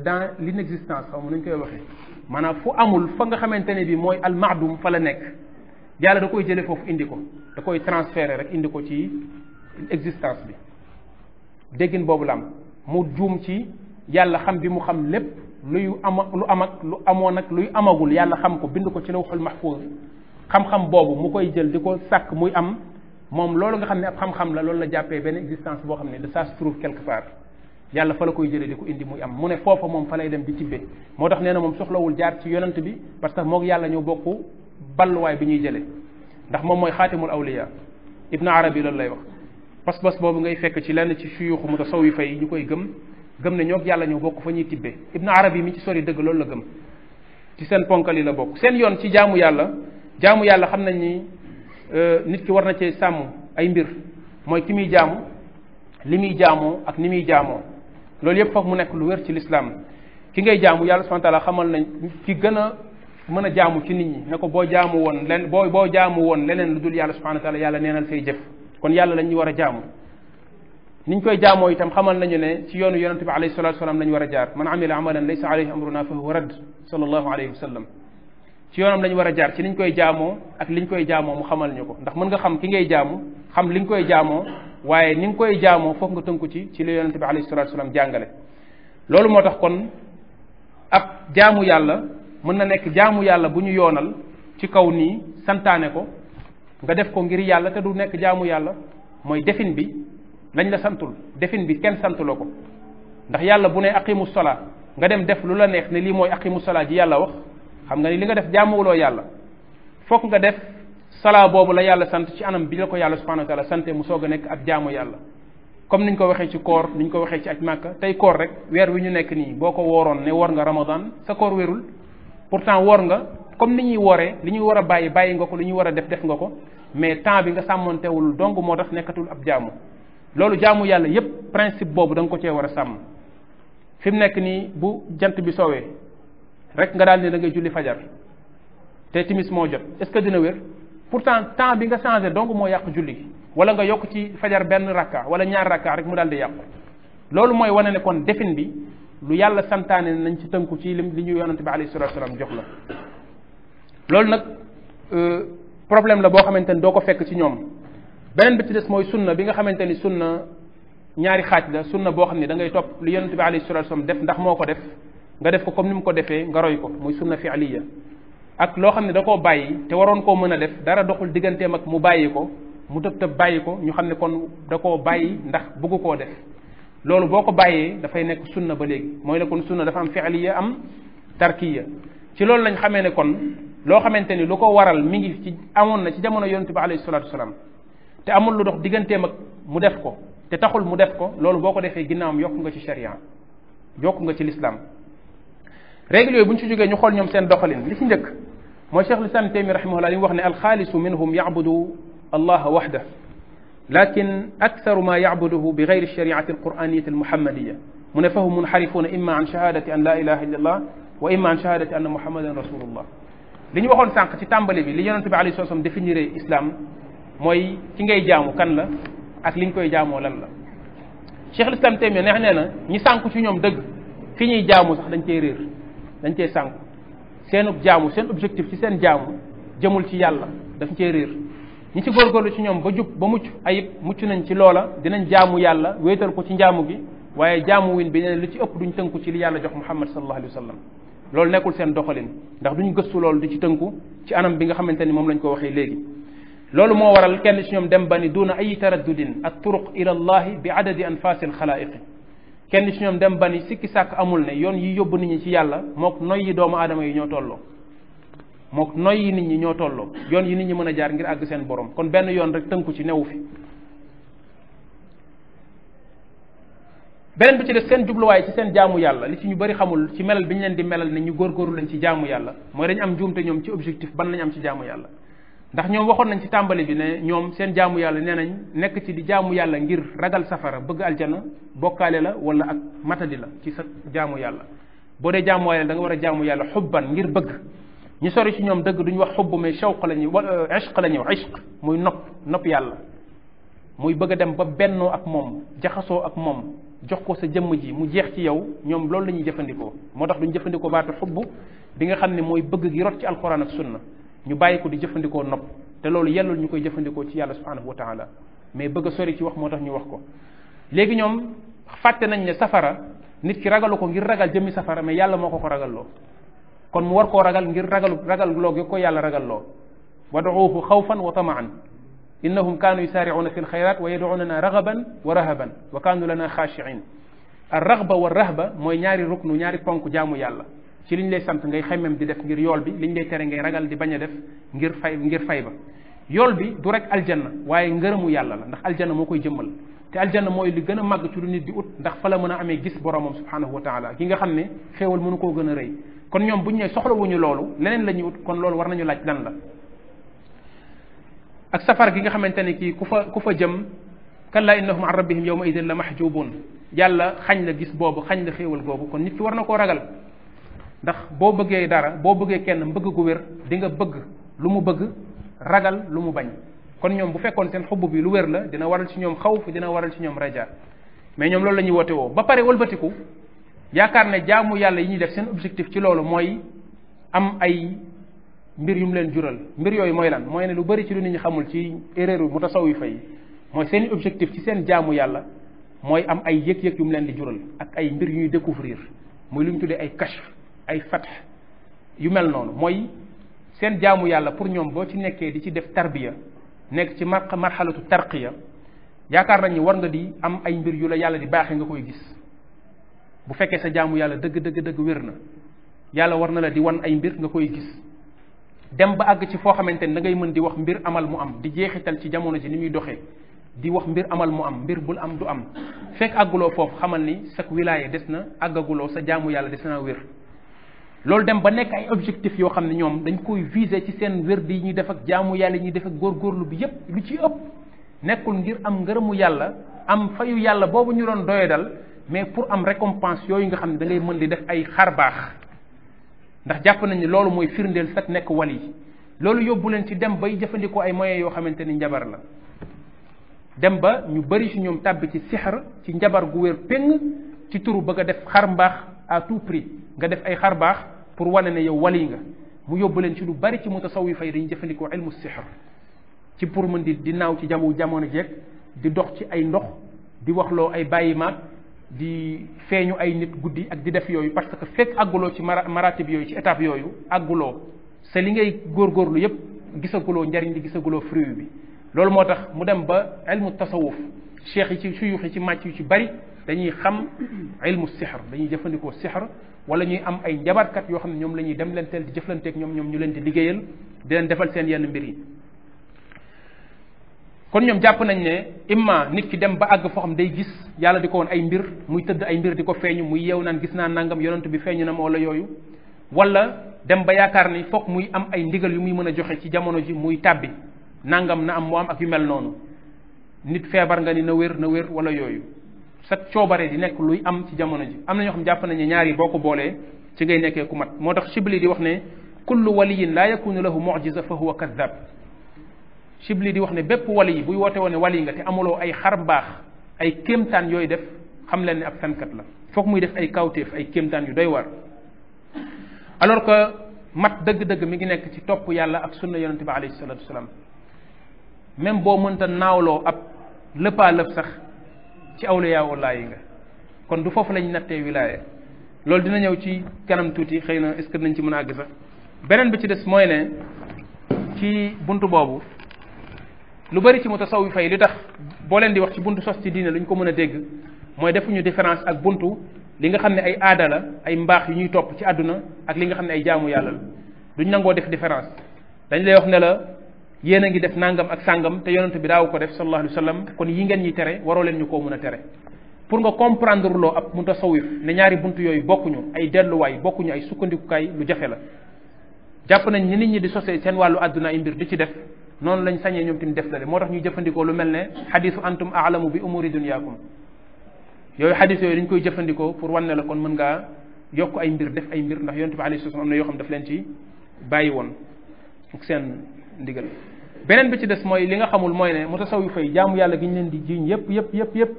dans l'inexistence xaw ma nuñ koy waxee maanaam fu amul fa nga xamante ne bi mooy al maadum fa la nekk yàlla da koy jële foofu indi ko da koy transféré rek indi ko ci existence bi déggin boobu la am mu juum ci yàlla xam bi mu xam lépp luy am lu am ak lu amoon ak luy amagul yàlla xam ko bind ko ci lawxul mahfuz xam-xam boobu mu koy jël di ko sàkk muy am moom loolu nga xam ne ab xam-xam la loolu la jàppee benn existence boo xam ne de ça se trouve quelque part yàlla fa la koy jëlee di ko indi muy am mu ne foofa moom fa lay dem di tibbee moo tax nee na moom soxlawul jaar ci yonent bi parce que moog yàlla ñoo bokk balluwaay bi ñuy jëlee ndax moom mooy xaatimul awliya ibn arabi loolu lay wax pas-pas boobu ngay fekk ci lenn ci suyuxu mu tasawwifa yi ñu koy gëm gëm ne ñoog yàlla ñoo bokk fa ñuy tibbee ibnu arabi mi ci sori dëgg loolu la gëm ci seen ponkali la bokk seen yoon ci jaamu yàlla jaamu yàlla xam nañ ni euh, nit ki war na cee sàmm ay mbir mooy ki muy jaamu li muy jaamoo ak ni muy jaamoo loolu yépp foofu mu nekk lu wér ci lislaam ki ngay jaamu yàlla subhanahu wa xamal nañ ki gën a mën a jaamu ci nit ñi ne ko boo jaamu woon len boo boo jaamu woon leneen lu dul yàlla subhanahu wa taala yàlla neenal say jëf kon yàlla lañ war a jaamu niñ koy jaamoo itam xamal nañu ne ci yoonu yonente bi alayhi salatu salaam lañ war a jaar man amila amalan laysa alayhi amruna fa huwa rad sallallahu alayhi wa sallam ci yoonam lañ war a jaar ci niñ koy jaamoo ak liñ koy jaamoo mu xamal ñu ko ndax mën nga xam ki ngay jaamu xam liñ koy jaamoo waaye ni nga koy jaamoo foog nga tënku ci ci li yonente bi alayhi salatu salaam jàngale loolu moo tax kon ab jaamu yàlla mën na nekk jaamu yàlla bu ñu yoonal ci kaw nii santaane ko nga def ko ngir yàlla te du nekk jaamu yàlla mooy defin bi lañ la santul defin bi kenn santuloo ko ndax yàlla bu ne aqimu sola nga dem def lu la neex ne lii mooy aqimu sola ji yàlla wax xam nga ni li nga def jaamuwuloo yàlla foog nga def sala boobu la yàlla sant ci anam bi la ko yàlla subhanahu wa taala sante mu soog a nekk ab jaamu yàlla comme niñ ko waxee ci koor niñ ko waxee ci aj màkka tey koor rek weer wi ñu nekk nii boo ko wooroon ne woor nga ramadan sa koor wérul pourtant woor nga comme ni ñuy wooree li ñuy war a bàyyi bàyyi nga ko li ñuy war a def def nga ko mais temps bi nga sàmmoontewul dong moo tax nekkatul ab jaamu loolu jaamu yàlla yépp principe boobu danga ko cee war a sàmm fi mu nekk nii bu jant bi soowee rek nga daal ne da ngay julli fajar te timis moo jot est-ce que dina wér pourtant temps bi nga changé donc moo yàq julli gi wala nga yokk ci fajar benn rakka wala ñaar rakka rek mu daal di yàqu loolu mooy wane ne kon defin bi lu yàlla santaane nañ ci tënku ci lim li ñu yonante bi alayhi salatu salaam jox la loolu nag euh, problème la boo xamante ne doo ko fekk ci ñoom ben bi ci des mooy sunna bi nga xamante ni sunna ñaari xaaj la sunna boo xam ne da ngay topp li yonente bi alayhi salatu wasallam def ndax moo ko def nga def ko comme ni mu ko defee nga roy ko muy sunna fi'liya ak loo xam ne da koo bàyyi te waroon koo mën a def dara doxul digganteem ak mu bàyyi ko mu tëb tëb bàyyi ko ñu xam ne kon da koo bàyyi ndax bëgg koo def loolu boo ko bàyyee dafay nekk sunna ba léegi mooy ne kon sunna dafa am fi'liya am tarkiya ci loolu lañ xamee ne kon loo xamante ni lu ko waral mi ngi ci amoon na ci jamono yonente bi alayhi salatu wasalam te amul lu dox digganteem ak mu def ko te taxul mu def ko loolu boo ko defee ginnaawam yokk nga ci sharia yokk nga ci l'islam règle yooyu buñ ci jógee ñu xool ñoom seen doxalin li ci njëkk mooy cheikh lislam taymi rahimahullah li mu wax ne alxaalisu minhum yabudu allah waxda لكن أكثر ما يعبده بغير الشريعة القرآنية المحمدية من فهم منحرفون إما عن شهادة أن لا إله إلا الله وإما عن شهادة أن محمدا رسول الله li ñu waxoon sànq ci tàmbali bi li yonente bi alayhi salaam définiré islam mooy ci ngay jaamu kan la ak li nga koy jaamoo lan la Cheikh Islam Taymiyya neex nee na ñi sànku ci ñoom dëgg fi ñuy jaamu sax dañ cey réer dañ cey sànku seen jaamu seen objectif ci seen jaamu jëmul ci yàlla daf cee réer ñi ci góorgóorlu ci ñoom ba jub ba mucc ayib mucc nañ ci loola dinañ jaamu yàlla wéetal ko ci njaamu gi waaye jaamu win bi nee lu ci ëpp duñ tënku ci li yàlla jox Muhammad sallallahu alayhi wa sallam loolu nekkul seen doxalin ndax duñ gëstu loolu di ci tënku ci anam bi xamante ni moom lañ ko waxee léegi loolu moo waral kenn si ñoom dem ba ni duuna ay taraddudin ak turuq ila allahi bi adadi anfasil xalaayiqi kenn ci ñoom dem ba ni sikki sàkk amul ne yoon yi yóbbu nit ñi ci yàlla mook noy yi doomu adama yi ñoo tolloo mook noy yi nit ñi ñoo tolloo yoon yi nit ñi mën a jaar ngir àgg seen borom kon benn yoon rek tënku ci new fi beneen bi ci def seen jubluwaay ci seen jaamu yàlla li ci ñu bari xamul ci melal bi ñu leen di melal ne ñu góorgóorlu lañ ci jaamu yàlla mooy dañu am njuumte ñoom ci objectif ban lañ am ci jaamu yàlla ndax ñoom waxoon nañ ci tàmbali bi ne ñoom seen jaamu yàlla nee nañ nekk ci di jaamu yàlla ngir ragal safara bëgg aljana bokkaale la wala ak matadi la ci sa jaamu yàlla boo dee jaamu yàlla da nga war a jaamu yàlla xubban ngir bëgg ñu sori ci ñoom dëgg duñu wax xubb may shawq la ñuy wa euh, ishq la ñuy wax ishq muy nopp nopp yàlla muy bëgg a dem ba bennoo ak moom jaxasoo ak moom jox ko sa jëmm ji mu jeex ci yow ñoom loolu la ñuy jëfandikoo moo tax duñu jëfandikoo baatu xubb bi nga xam ne mooy bëgg gi ci alquran ak sunna ñu bàyyi ko di jëfandikoo nopp te loolu yellul ñu koy jëfandikoo ci yàlla subhanahu wa taala mais bëgg a sori ci wax moo tax ñu wax ko léegi ñoom fàtte nañ ne safara nit ki ragalu ko ngir ragal jëmmi safara mais yàlla moo ko ko ragalloo kon mu war koo ragal ngir ragal ragal loo ko yàlla ragalloo wadcuuhu xawfan wa tamaan innahum kaanu yusaaricuuna fi lxayraat wa yadcuunana ragaban wa rahaban wa kaanu lana xaashiin arragba wa rahba mooy ñaari ruknu ñaari ponk jaamu yàlla ci liñ lay sant ngay xemmem di def ngir yool bi liñ lay tere ngay ragal di bañ a def ngir fay ngir fay ba yool bi du rek aljanna waaye ngërëmu yàlla la ndax aljanna moo koy jëmmal te aljanna mooy li gën a màgg ci lu nit di ut ndax fa la mën a amee gis boromam subhanahu wa taala ki nga xam ne xéewal mënu koo gën a rëy kon ñoom buñ ne soxla wuñu loolu leneen la ñuy ut kon loolu war nañu laaj lan la ak safar gi nga xamante ne kii ku fa ku fa jëm kalla innahum an rabbihim yawma idin la mahjubun yàlla xañ la gis boobu xañ la xéewal googu kon nit ki war na koo ragal ndax boo bëggee dara boo bëggee kenn mbëgg gu wér di nga bëgg lu mu bëgg ragal lu mu bañ kon ñoom bu fekkoon seen xubb bi lu wér la dina waral ci ñoom xaw xawf dina waral ci ñoom raja mais ñoom loolu la ñuy woote woo ba pare walbatiku yaakaar ne jaamu yàlla yi ñuy def seen objectif ci loolu mooy am ay mbir yu mu leen jural mbir yooyu mooy lan mooy ne lu bari ci lu nit ñi xamul ci erreur yu mutasawifa yi mooy seen objectif ci seen jaamu yàlla mooy am ay yëg-yëg yu leen di jural ak ay mbir yu ñuy découvrir muy lu ñu tuddee ay kashf ay fatx yu mel noonu mooy seen jaamu yàlla pour ñoom boo ci nekkee di ci def tarbiya nekk ci mar marxalatu tarqiya yaakaar nañ ni war nga di am ay mbir yu la yàlla di baaxee nga koy gis bu fekkee sa jaamu yàlla dëgg dëgg dëgg wér na yàlla war na la di wan ay mbir nga koy gis dem ba àgg ci foo xamante ne dangay mën di wax mbir amal mu am di jeexital ci jamono ji ni muy doxee di wax mbir amal mu am mbir bul am du am fekk àgguloo foofu xamal ni sa wilaaya des na àggaguloo sa jaamu yàlla des wér loolu dem ba nekk ay objectif yoo xam ne ñoom dañ koy viser ci seen wérdi yi ñuy def ak jaamu yàlla yi ñuy def ak góorgóorlu bi yëpp lu ci ëpp nekkul ngir am ngërëmu yàlla am fayu yàlla boobu ñu doon doyadal mais pour am récompense yooyu nga xam ne da ngay mën di def ay xar baax ndax jàpp nañ ne loolu mooy firndeel sax nekk wal yi loolu yóbbu leen ci dem bay jëfandikoo ay moyens yoo xamante ni njabar la dem ba ñu bari ci ñoom tàbbi ci sixar ci njabar gu wér péng ci turu bëgg a def xar mbaax à tout prix nga ay xar pour wane na yow wali nga mu yóbbaleen ci lu bari ci mutasawifa yi dañuy jëfandikoo ilmu sixr ci pour mën di di naaw ci jamu jamono jeeg di dox ci ay ndox di waxloo ay bàyyi maag di ay nit guddi ak di def yooyu parce que fekk àgguloo ci mara maratib yooyu ci étape yooyu àgguloo sa li ngay góorgóorlu yépp gisaguloo njariñ li gisaguloo fruit bi loolu moo tax mu dem ba ilmu tasawuf cheikh yi ci suyux yi ci màcc yu ci bari dañuy xam ilmu sixr dañuy jëfandikoo sixr wala ñuy am ay njabarkat yoo xam ne ñoom la ñuy dem leen teel di jëflanteeg ñoom ñoom ñu leen di liggéeyal di leen defal seen yenn mbir yi kon ñoom jàpp nañ ne imma nit ki dem ba àgg foo xam day gis yàlla di ko woon ay mbir muy tëdd ay mbir di ko feeñu muy yeew naan gis naa nangam yonent bi feeñu na ma wala yooyu walla dem ba yaakaar ni foog muy am ay ndigal yu muy mën a joxe ci jamono ji muy tàbbi nangam na am mu am ak yu mel noonu nit feebar nga ni na wér na wér wala yooyu sa coobare di nekk luy am ci jamono ji am na ñoo xam jàpp ñaar yi boo ko boolee ci ngay nekkee ku mat moo tax shibli di wax ne kullu waliyin laa yakunu lahu mujiza fa huwa shibli di wax ne bépp wali yi buy woote woon wali nga te amuloo ay xar ay kéemtaan yooyu def xam leen ne ab la foog muy def ay kawteef ay kéemtaan yu doy war alors que mat dëgg-dëgg mi ngi nekk ci topp yàlla ak sunna yonente bi alayhi salatu wasalam même boo mënta naawloo ab lëpaa lëpp sax ci awliyaa ullaa yi nga kon du foofu lañ nattee wilaaya loolu dina ñëw ci kanam tuuti xëy na est-ce que nañ ci mën a àgg sax beneen bi ci des mooy ne ci bunt boobu lu bari ci mutasawwifa fay li tax boo leen di wax ci buntu sos ci diine lu ñu ko mën a dégg mooy defuñu différence ak buntu li nga xam ne ay aada la ay mbaax yu ñuy topp ci àdduna ak li nga xam ne ay jaamu yàlla la duñ nangoo def différence dañ lay wax ne la yéen a ngi def nangam ak sàngam te yonent bi daaw ko def sallallahu alayhi wa kon yi ngeen ñuy tere waroo leen ñu koo mën a tere pour nga comprendre loo ab mutasawif ne ñaari bunt yooyu bokkuñu ay delluwaay bokkuñu ay sukkandikukaay lu jafe la jàpp nañ ni nit ñi di sosee seen wàllu àdduna mbir di ci def noonu lañ sañee ñoom tamit def la de moo tax ñuy jëfandikoo lu mel ne xadisu antum aalamu bi umuri dunyaakum yooyu xadis yooyu dañ koy jëfandikoo pour wan ne kon mën ngaa yokk ay mbir def ay mbir ndax yonent bi alayhi na yoo xam daf leen ci bàyyi woon ak seen ndigal beneen bi ci des mooy li nga xamul mooy ne mutasawifa fay jaamu yàlla gi ñu leen di jiiñ yëpp yëpp yëpp yëpp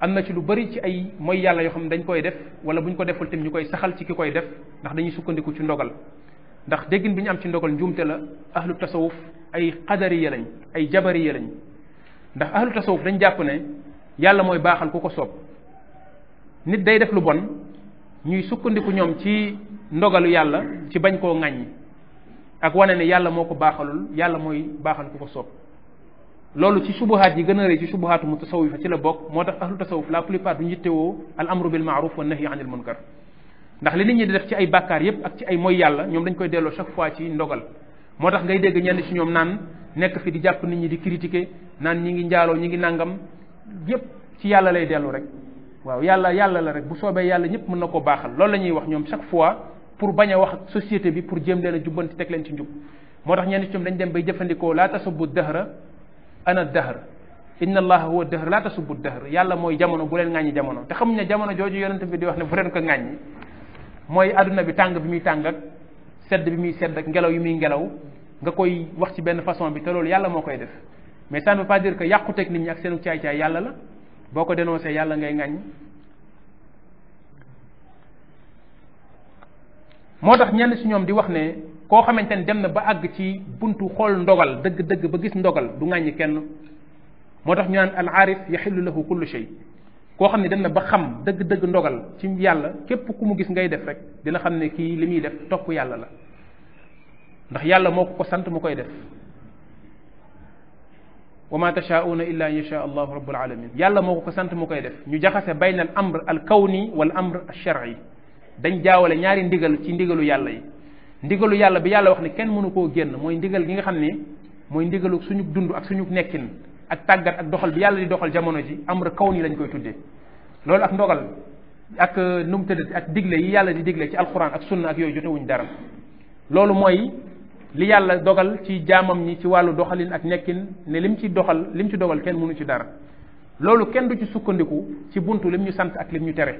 am na ci lu bari ci ay mooy yàlla yoo xam ne dañ koy def wala bu ñu ko deful tamit ñu koy saxal ci ki koy def ndax dañuy sukkandiku ci ndogal ndax déggin bi ñu am ci ndogal njuumte la ahlu tasawuf ay qadariya lañ ay jabariya lañ ndax ahlu tasawuf dañ jàpp ne yàlla mooy baaxal ku ko soob nit day def lu bon ñuy sukkandiku ñoom ci ndogalu yàlla ci bañ koo ŋàññi ak wane ne yàlla moo ko baaxalul yàlla mooy baaxal ku ko soob loolu ci subuhaat yi gën a rëy ci subuhaatu mu tasawifa ci la bokk moo tax ahlu tasawuf la plupart du yittewoo al amru bil maaruf wa nahyi ak ci ay mooy koy delloo chaque fois moo tax ngay dégg ñenn ci ñoom naan nekk fi di jàpp nit ñi di critiquer naan ñi ngi njaaloo ñi ngi nàngam yépp ci yàlla lay dellu rek waaw yàlla yàlla la rek bu soobee yàlla ñëpp mën na koo baaxal loolu la ñuy wax ñoom chaque fois pour bañ a wax ak société bi pour jéem leen a jubbanti teg leen ci njub moo tax ñenn ci dañ dem bay jëfandikoo laa tasubbu dahra ana dahr inna allaha huwa dahr laa tasubbu dahr yàlla mooy jamono bu leen ŋàññi jamono te xamuñ ne jamono jooju yonent bi di wax ne bu leen ko ŋàññi mooy àdduna bi tàng bi muy tàng ak sedd bi muy sedd ak ngelaw yi muy ngelaw nga koy wax ci benn façon bi te loolu yàlla moo koy def mais ça ne ko pas dire que ak seenu caay yàlla la boo ko dénoncé yàlla ngay ŋàññi moo tax ñenn si ñoom di wax ne koo xamante ne dem na ba àgg ci buntu xool ndogal dëgg-dëgg ba gis ndogal du ŋàññi kenn moo tax ñu naan al aarif yaxillu lahu kullu shay koo xam ne dem na ba xam dëgg-dëgg ndogal ci yàlla képp ku mu gis ngay def rek dina xam ne kii li muy def topp yàlla la ndax yàlla moo ko sant mu koy def wa ma tashaauna illa an yasha allahu rabbul alamin yàlla moo ko sant mu koy def ñu jaxase bayna al amr al kawni wal amr dañ jaawale ñaari ndigal ci ndigalu yàlla yi ndigalu yàlla bi yàlla wax ne kenn mënu koo génn mooy ndigal gi nga xam ne mooy ndigalu suñu dund ak suñu nekkin ak tàggat ak doxal bi yàlla di doxal jamono ji amra kawni lañu koy tuddee loolu ak ndogal ak euh, nu tëdd ak digle yi yàlla di digle ci alxuraan ak sunna ak yooyu jotewuñ dara loolu mooy li yàlla dogal ci jaamam ñi ci wàllu doxalin ak nekkin ne lim ci doxal lim ci dogal kenn mënu ci dara loolu kenn du ci sukkandiku ci buntu lim ñu sant ak lim ñu tere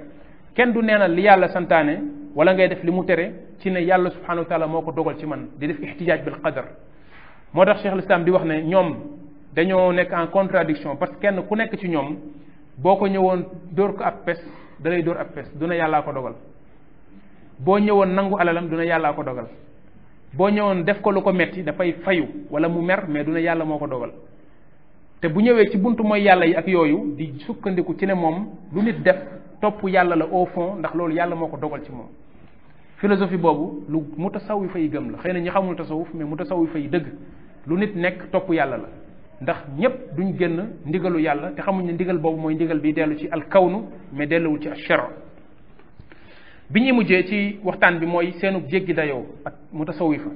kenn du neenal li yàlla santaane wala ngay def li mu tere ci ne yàlla subhanahu wa moo ko dogal ci man di def ihtijaaj bil qadar moo tax cheikh l'islam di wax ne ñoom dañoo nekk en contradiction parce que kenn ku nekk ci ñoom boo ko ñëwoon dóor ko ab pes da dóor ab pes du ne yàllaa ko dogal boo ñëwoon nangu alalam du ne yàllaa ko dogal boo ñëwoon def ko lu ko metti dafay fayu wala mu mer mais du ne yàlla moo ko dogal te bu ñëwee ci buntu mooy yàlla yi ak yooyu di sukkandiku ci ne moom lu nit def topp yàlla la au fond ndax loolu yàlla moo ko dogal ci moom philosophie boobu lu mutasawi fay gëm la xëy na ñi xamul tasawuf mais mutasawi fay dëgg lu nit nekk topp yàlla la ndax ñépp duñ génn ndigalu yàlla te xamuñ ne ndigal boobu mooy ndigal bi dellu ci alkawnu mais delluwul ci ashar bi ñuy mujjee ci waxtaan bi mooy seenu jéggi dayoo ak mu mutasawifa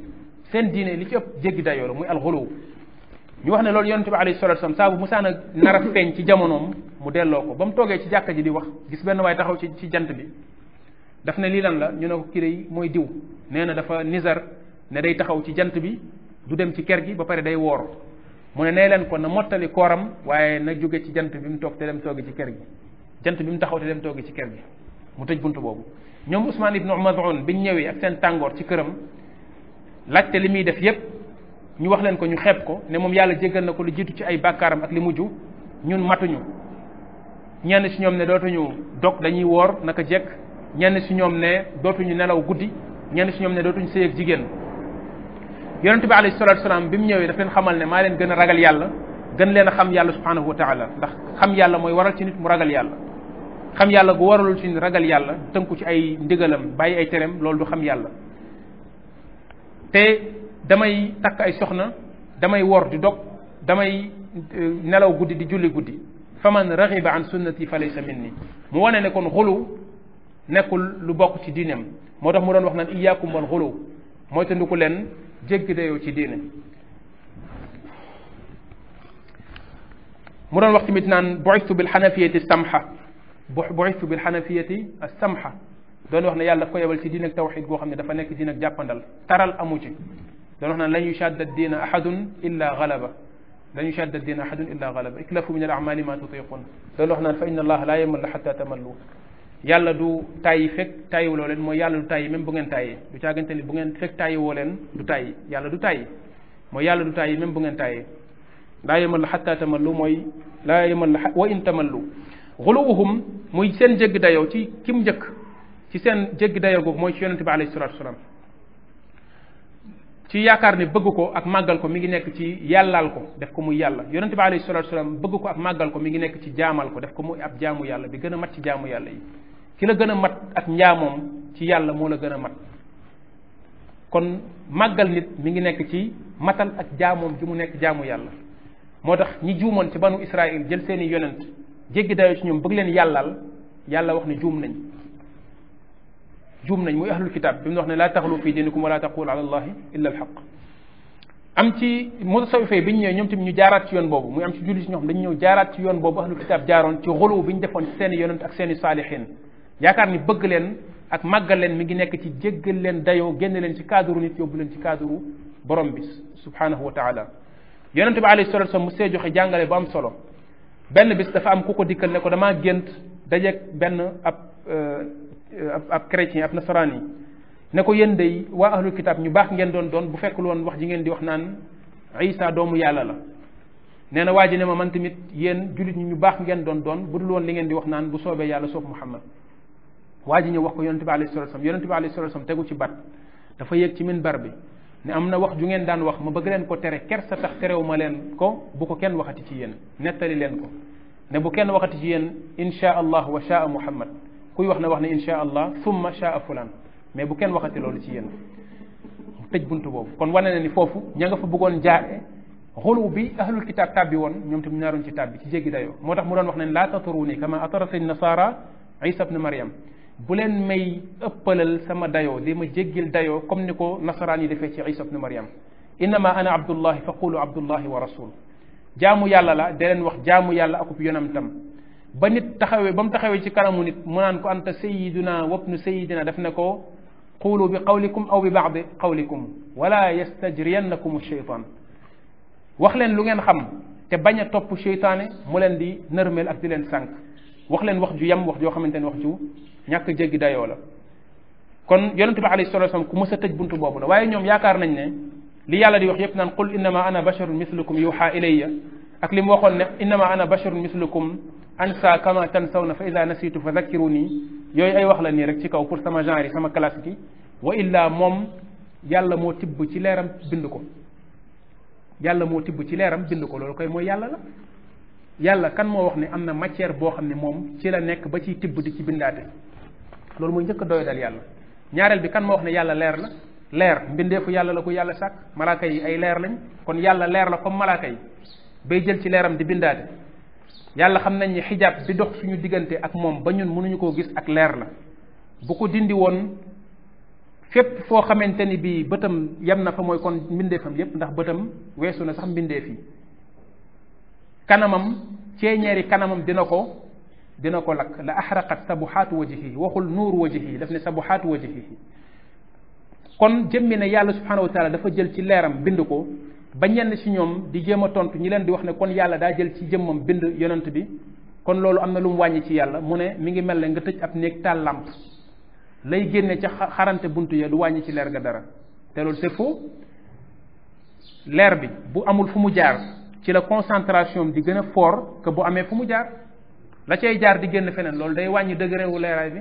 seen diine li ci ëpp jéggi dayoo la muy alxuluw ñu wax ne loolu yonente bi alayhi salatu wasallam saa bu musaan a nar feeñ ci jamonoom mu delloo ko ba mu toogee ci jàkka ji di wax gis benn waaye taxaw ci ci jant bi daf ne lii lan la ñu ne ko kiré mooy diw nee na dafa nizar ne day taxaw ci jant bi du dem ci kër gi ba pare day woor mu ne nee leen ko na mottali kooram waaye na jóge ci jant bi mu toog te dem toogi ci kër gi jant bi mu taxaw te dem toogi ci ker gi mu tëj buntu boobu ñoom Ousmane ibnu Mad'un biñ ñëwee ak tàngoor ci këram laajte li muy def yépp ñu wax leen ko ñu xeeb ko ne moom yàlla jéggal na ko lu jiitu ci ay bàkkaaram ak li mujj ñun matuñu ñenn si ñoom ne dootuñu dog dañuy woor naka jekk ñenn si ñoom ne dootuñu nelaw guddi ñenn si ñoom ne dootuñu sëy ak jigéen yonente bi alayhi salatu salaam bi mu ñëwee daf leen xamal ne maa leen gën a ragal yàlla gën leen a xam yàlla subhanahu wa taala ndax xam yàlla mooy waral ci nit mu ragal yàlla xam yàlla gu waralul ci nit ragal yàlla tënku ci ay ndigalam bàyyi ay tereem loolu du xam yàlla damay takk ay soxna damay wor di dog damay nelaw guddi di julli guddi faman raghiba an sunnati falaysa minni mu wane ne kon xulu nekkul lu bokk ci diineem moo tax mu doon wax naan iyaakum wal xulu mooy tandiku leen jéggi dayoo ci diine mu doon wax tamit naan buistu bil samha buistu bil xanafiyati samha doon wax ne yàlla daf ko yebal ci diin ak tawxid goo xam ne dafa nekk diin ak jàppandal taral amu ci لأنه احنا لن يشاد الدين أحد إلا غلبه لن يشاد الدين أحد إلا غلبه اكلفوا من الأعمال ما تطيقون لأنه احنا فإن الله لا يمل حتى تملوا yàlla du tàyyi fekk tàyyiwuloo leen mooy yàlla du tàyyi même bu ngeen tàyyi du caagante ni bu ngeen fekk tàyyiwoo leen du tàyyi yàlla du tàyyi mooy yàlla du tàyyi même bu ngeen tàyyi laa yemal xatta tamallu mooy laa yemal wa in tamallu xuluwuhum muy seen jégg dayoo ci kim njëkk ci seen jégg dayoo googu mooy ci yonente bi alayhi salatu wasalaam ci yaakaar ne bëgg ko ak màggal ko mi ngi nekk ci yàllaal ko def ko muy yàlla yonente bi alayhi salatu salaam bëgg ko ak màggal ko mi ngi nekk ci jaamal ko def ko muy ab jaamu yàlla bi gën a mat ci jaamu yàlla yi ki la gën a mat ak njaamoom ci yàlla moo la gën a mat kon màggal nit mi ngi nekk ci matal ak jaamoom ji mu nekk jaamu yàlla moo tax ñi juumoon ci banu Israël jël seeni yonent jéggi dayoo ci ñoom bëgg leen yàllal yàlla wax ne juum nañ juum nañ muy ahlul kitab bi mu wax ne laa taxalu fi dinikum wala taqul ala allahi illa alhaq am ci mutasawifa yi biñ ñëwee ñoom tamit ñu jaaraat ci yoon boobu muy am ci jullit ñoo xam dañ ñëw jaaraat ci yoon boobu ahlul kitab jaaroon ci xulu biñ defoon ci seen yonent ak seen i saalihin yaakaar ni bëgg leen ak màggal leen mi ngi nekk ci jéggal leen dayoo génn leen ci cadre nit yóbbu leen ci cadre borom bi subhanahu wa taala yonente bi alayhi salatu wasallam mu see joxe jàngale bu am solo benn bis dafa am ku ko dikkal ne ko damaa gént dajeeg benn ab ab chrétien ab nasaraan ne ko yéen day waa ahlul kitab ñu baax ngeen doon doon bu fekkul woon wax ji ngeen di wax naan isa doomu yàlla la nee na waa ji ne ma man tamit yéen julit ñi ñu baax ngeen doon doon bu dul woon li ngeen di wax naan bu soobee yàlla soob muhammad waa ji ñëw wax ko yonente bi alayhi salatu yonente bi alayhi salatu tegu ci bat dafa yéeg ci min bar bi ne am na wax ju ngeen daan wax ma bëgg leen ko tere ker sa tax terew ma leen ko bu ko kenn waxati ci yéen nettali leen ko ne bu kenn waxati ci yéen insha allah wa sha muhammad kuy wax na wax ne insha allah summa shaa fulan mais bu kenn waxati loolu ci yéen tëj buntu boobu kon wane na ni foofu ña nga fa bëggoon jaare xulu bi ahlul kitab tabbi woon ñoom tam naaroon ci tabbi ci jéggi dayo moo tax mu doon wax ne la tatruni kama atarati nasara isa ibn maryam bu leen may ëppalal sama dayo di ma jéggil dayo comme ni ko nasaraan yi defee ci isa ibn maryam innama ana abdullahi fa qulu abdullahi wa rasul jaamu yàlla la de leen wax jaamu yàlla akub yonam tam ba nit taxawee ba mu taxawee ci kanamu nit mu naan ko anta sayiduna wabnu sayidina def ne ko quulu bi qawlikum aw bi baadi qawlikum wala yastajriyannakum cheytaan wax leen lu ngeen xam te bañ a topp cheytaane mu leen di nërmeel ak di leen sànq wax leen wax ju yam wax joo xamante ne wax ju ñàkk jéggi dayoo la kon yonente bi alayhi salatu wasallam ku mës tëj buntu boobu la waaye ñoom yaakaar nañ ne li yàlla di wax yépp naan qul innama ana basharun mislukum yuha ak li mu waxoon ne innama ana basharun mislukum ansa kama tansawna fa ida nasitu fa zakkiruni yooyu ay wax la nii rek ci kaw pour sama genre yi sama classe gi wa illa moom yàlla moo tibb ci leeram bind ko yàlla moo tibb ci leeram bind ko loolu koy mooy yàlla la yàlla kan moo wax ne am na matière boo xam ne moom ci la nekk ba ciy tibb di ci bindaate loolu mooy njëkk a doy dal yàlla ñaareel bi kan moo wax ne yàlla leer la leer mbindeefu yàlla la ko yàlla sàkk malaaka yi ay leer lañ kon yàlla leer la comme malaaka bay jël ci leeram di bindaate yàlla xam nañ ni xijaab bi dox suñu diggante ak moom ba ñun mënuñu koo gis ak leer la bu ko dindi woon fépp foo xamante ni bii bëtam yam na fa mooy kon mbindeefam yépp ndax bëtam weesu na sax mbindeef yi kanamam ceeñeeri kanamam dina ko dina ko lakk la axraqat sabuhaatu wajihi waxul nuur wajihi daf ne sabuhaatu wajihi kon jëmmi ne yàlla subhanahu wa dafa jël ci leeram bind ko ba ñenn ci ñoom di jéem a tontu ñi leen di wax ne kon yàlla daa jël ci jëmmam bind yonent bi kon loolu am na lu mu wàññi ci yàlla mu ne mi ngi mel ne nga tëj ab néeg taal làmp lay génne ca xarante bunt ya du wàññi ci leer ga dara te loolu c'est faux leer bi bu amul fu mu jaar ci la concentration di gën a foor que bu amee fu mu jaar la cay jaar di génn feneen loolu day wàññi degré wu leeraay bi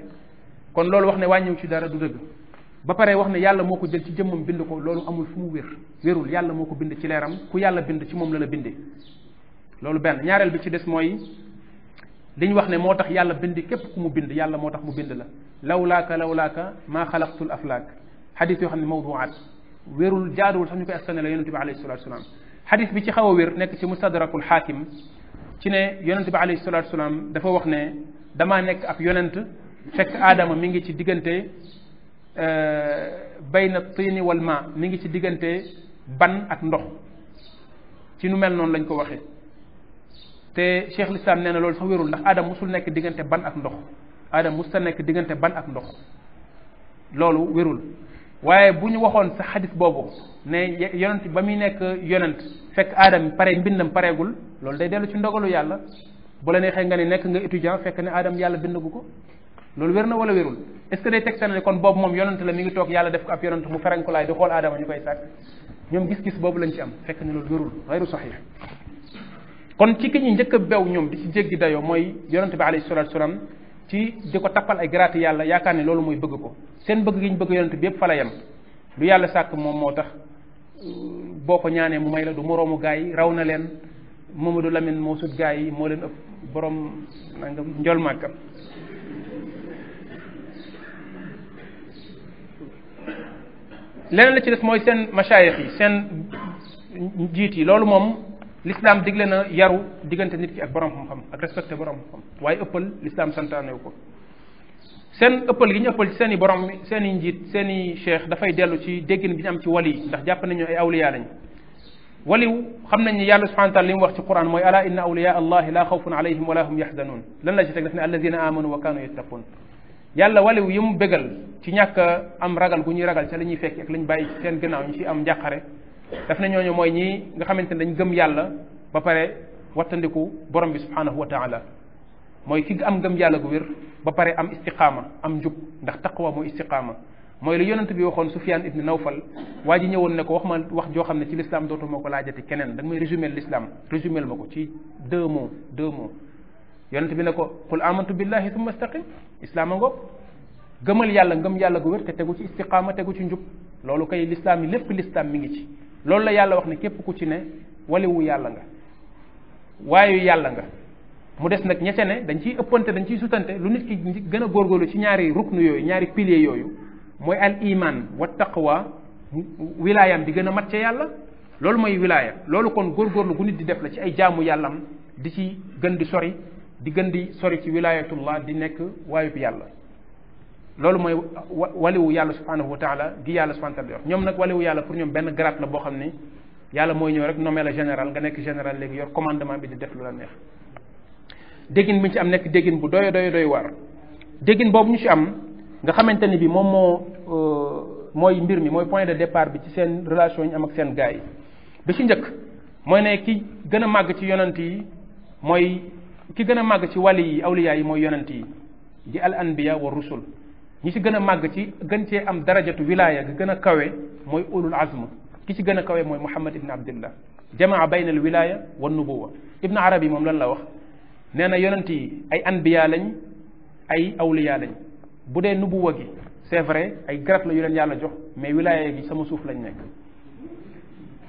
kon loolu wax ne wàññiw ci dara du dëgg ba pare wax ne yàlla moo ko jël ci jëmmam bind ko loolu amul fu mu wér wérul yàlla moo ko bind ci leeram ku yàlla bind ci moom la la bindee loolu benn ñaareel bi ci des mooy liñ wax ne moo tax yàlla bind képp ku mu bind yàlla moo tax mu bind la lawlaaka lawlaaka maa xalaqtul aflaak xadis yoo xam ne mawduwaat wérul jaaduwul sax ñu koy askane la yonente bi alayhi salatu wasalaam xadis bi ci xaw a wér nekk ci mustadrakul xaakim ci ne yonente bi alayhi salatu wasalaam dafa wax ne dama nekk ak yonent fekk aadama mi ngi ci diggante Euh, bayna tiini wal ma mi ngi ci diggante ban ak ndox ci nu mel noonu lañ ko waxee te cheikh lislaam nee na loolu sax wérul ndax aadam mosul nekk diggante ban ak ndox aadam mus ta nekk diggante ban ak ndox loolu wérul waaye bu ñu waxoon sa xadis boobu ne yonent ba muy nekk yonent fekk aadam pare mbindam pareegul loolu day dellu ci ndogalu yàlla bu la neexee nga ne nekk nga étudiant fekk ne aadam yàlla bindagu ko loolu wér na wala wérul est-ce que day tegtal ne kon boob moom yonent la mi ngi toog yàlla def ko ab yonent mu ferenkulaay di xool aadama ñu koy sàkk ñoom gis-gis boobu lañ ci am fekk ne loolu wérul xayru saxiix kon ci ki ñi njëkk a bew ñoom di ci jéggi dayoo mooy yonent bi alayhi salatu salaam ci di ko tappal ay gratte yàlla yaakaar ne loolu mooy bëgg ko seen bëgg gi ñu bëgg yonent bi yépp fa la lu yàlla sàkk moom moo tax euh, boo ko ñaanee mu may la du moroomu gaa yi raw na leen Mamadou Lamine moo sut gaa yi moo leen ëpp borom nangam njol màggam leneen la ci def mooy seen machaayix yi seen njiit yi loolu moom l'islam digle na yaru diggante nit ki ak borom xam-xam ak respecté borom xam-xam waaye ëppal l'islam santaanewu ko seen ëppal gi ñu ëppal ci seen i borom seen i njiit seen i cheikh dafay dellu ci déggin bi ñu am ci wali ndax jàpp nañu ay awliya lañ wali xam nañ ni yàlla subhanahu taala li mu wax ci quran mooy ala inna awliya allahi la xawfun alayhim wala hum yaxzanun lan la ci teg daf ne alladina amanu wa kanu yattaqun yàlla wale wu mu bégal ci ñàkk am ragal gu ñuy ragal ca la ñuy fekk ak lañ bàyyi ci seen gannaaw ñu ci am njàqare daf na ñooñu mooy ñii nga xamante ne dañ gëm yàlla ba pare wattandiku borom bi subhanahu wa taala mooy ki am gëm yàlla gu wér ba pare am istiqama am njub ndax taqwa mooy istiqama mooy lu yonent bi waxoon sufyaan ibni nawfal waa ji ñëwoon ne ko wax ma wax joo xam ne ci l'islam dootuma ko laajati keneen da may résumer l'islam résumer ma ko ci deux mots deux mots yonent bi ne ko qul amantu billahi summa istaqim islaama ngoog gëmal yàlla ngëm yàlla gu wér te tegu ci istiqaama tegu ci njub loolu kay lislaam lépp lislaam mi ngi ci loolu la yàlla wax ne képp ku ci ne waliwu yàlla nga waaye yàlla nga mu des nag ñete ne dañ ciy ëppante dañ ciy sutante lu nit ki gën a góorgóorlu ci ñaari ruknu yooyu ñaari piliers yooyu mooy al iman wa taqwa wilaayam di gën a mat ca yàlla loolu mooy wilaaya loolu kon góorgóorlu di def ci ay jaamu yàllam di ci gën di sori di gën di sori ci wilaayatullah di nekk waayub yàlla loolu mooy waliwu yàlla subhanahu wa taala gi yàlla subhanahu bi taala ñoom nag waliwu yàlla pour ñoom benn grade la boo xam ne yàlla mooy ñëw rek nommé la général nga nekk général léegi yor commandement bi di def lu la neex déggin bi ñu ci am nekk déggin bu doy doy doy waar déggin boobu ñu ci am nga xamante ni bi moom moo euh, mooy mbir mi mooy point de départ bi ci seen relation yi ñu am ak seen gars yi bi gën a màgg ci yonent yi mooy ki gën a màgg ci wàlli yi awliya yi mooy yonent yi di al anbiya wa rusul ñi ci gën a màgg ci gën cee am darajatu wilaya gi gën a kawe mooy ulul azm ki ci gën a kawe mooy muhammad ibn abdillah jamaa bayna al wilaya wa nubuwa ibn yi moom lañ la wax nee na yonent yi ay anbiya lañ ay awliya lañ bu dee nubuwa gi c'est ay garab la yu leen yàlla jox mais wilaya gi sama suuf lañ nekk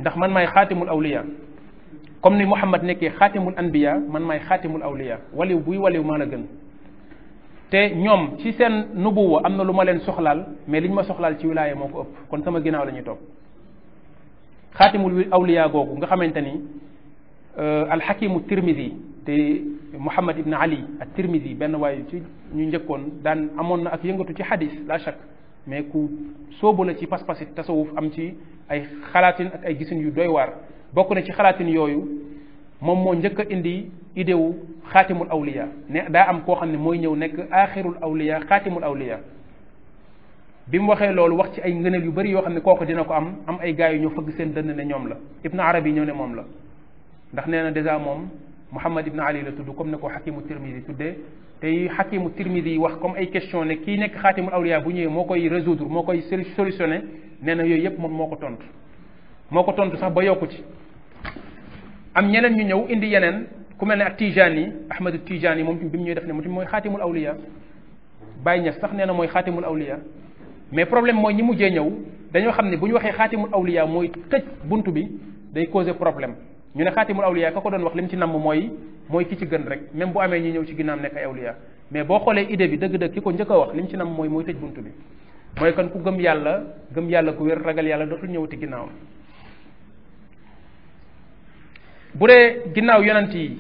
ndax man maay xaatimul awliya comme ni Mouhamad nekkee khatimul anbiya man may khatimul awliya wali buy wali ma la gën te ñom ci sen nubuwa am na lu ma leen mais liñ ma soxlal ci wilaya moko upp kon sama ginaaw la top khatimul awliya gogu nga xamanteni xamante ni alxakimu tirmidhi te Mouhamad ibn Ali at tirmidhi ben waaye ci ñu njëkkoon daan amon na ak yëngatu ci hadith la chak mais ku soobu la ci pass pasit tasawuf am ci ay xalaatin ak ay gisin yu doy war bokk na ci xalaatin yooyu moom moo njëkk indi idée khatimul xaatimul awliya ne daa am koo xam ne mooy ñëw nekk axirul awliya xaatimul awliya bi mu waxee loolu wax ci ay ngëneel yu bari yoo xam ne kooku dina ko am am ay gars yu ñoo fëgg seen dënd ne ñoom la ibnu arabi ñëw ne moom la ndax nee na dèjà moom muhammad ibn ali la tudd comme ne ko xakimu tirmidi tuddee te xakimu tirmidi wax comme ay question ne kii nekk xaatimul awliya bu ñëwee moo koy résoudre moo koy solutionné nee na yooyu yëpp moom moo ko tontu moo ko tontu sax ba yokku ci am ñeneen ñu ñëw indi yeneen ku mel ne ak Tijani yi Ahmadu Tijani yi moom bi mu ñuy def ne mooy xaatimul awliya Baye Niass sax nee na mooy xaatimul awliya mais problème mooy ñi mujjee ñëw dañoo xam ne bu ñu waxee xaatimul awliya mooy tëj buntu bi day causer problème ñu ne xaatimul awliya ka ko doon wax li mu ci namm mooy mooy ki ci gën rek même bu amee ñu ñëw ci ginnaam nekk ay awliya mais boo xoolee idée bi dëgg-dëgg ki ko njëkk wax li mu ci namm mooy mooy tëj buntu bi mooy kon ku gëm yàlla gëm yàlla ku wér ragal yàlla dootul ñëwati ginnaawam bu dee ginnaaw yonent yi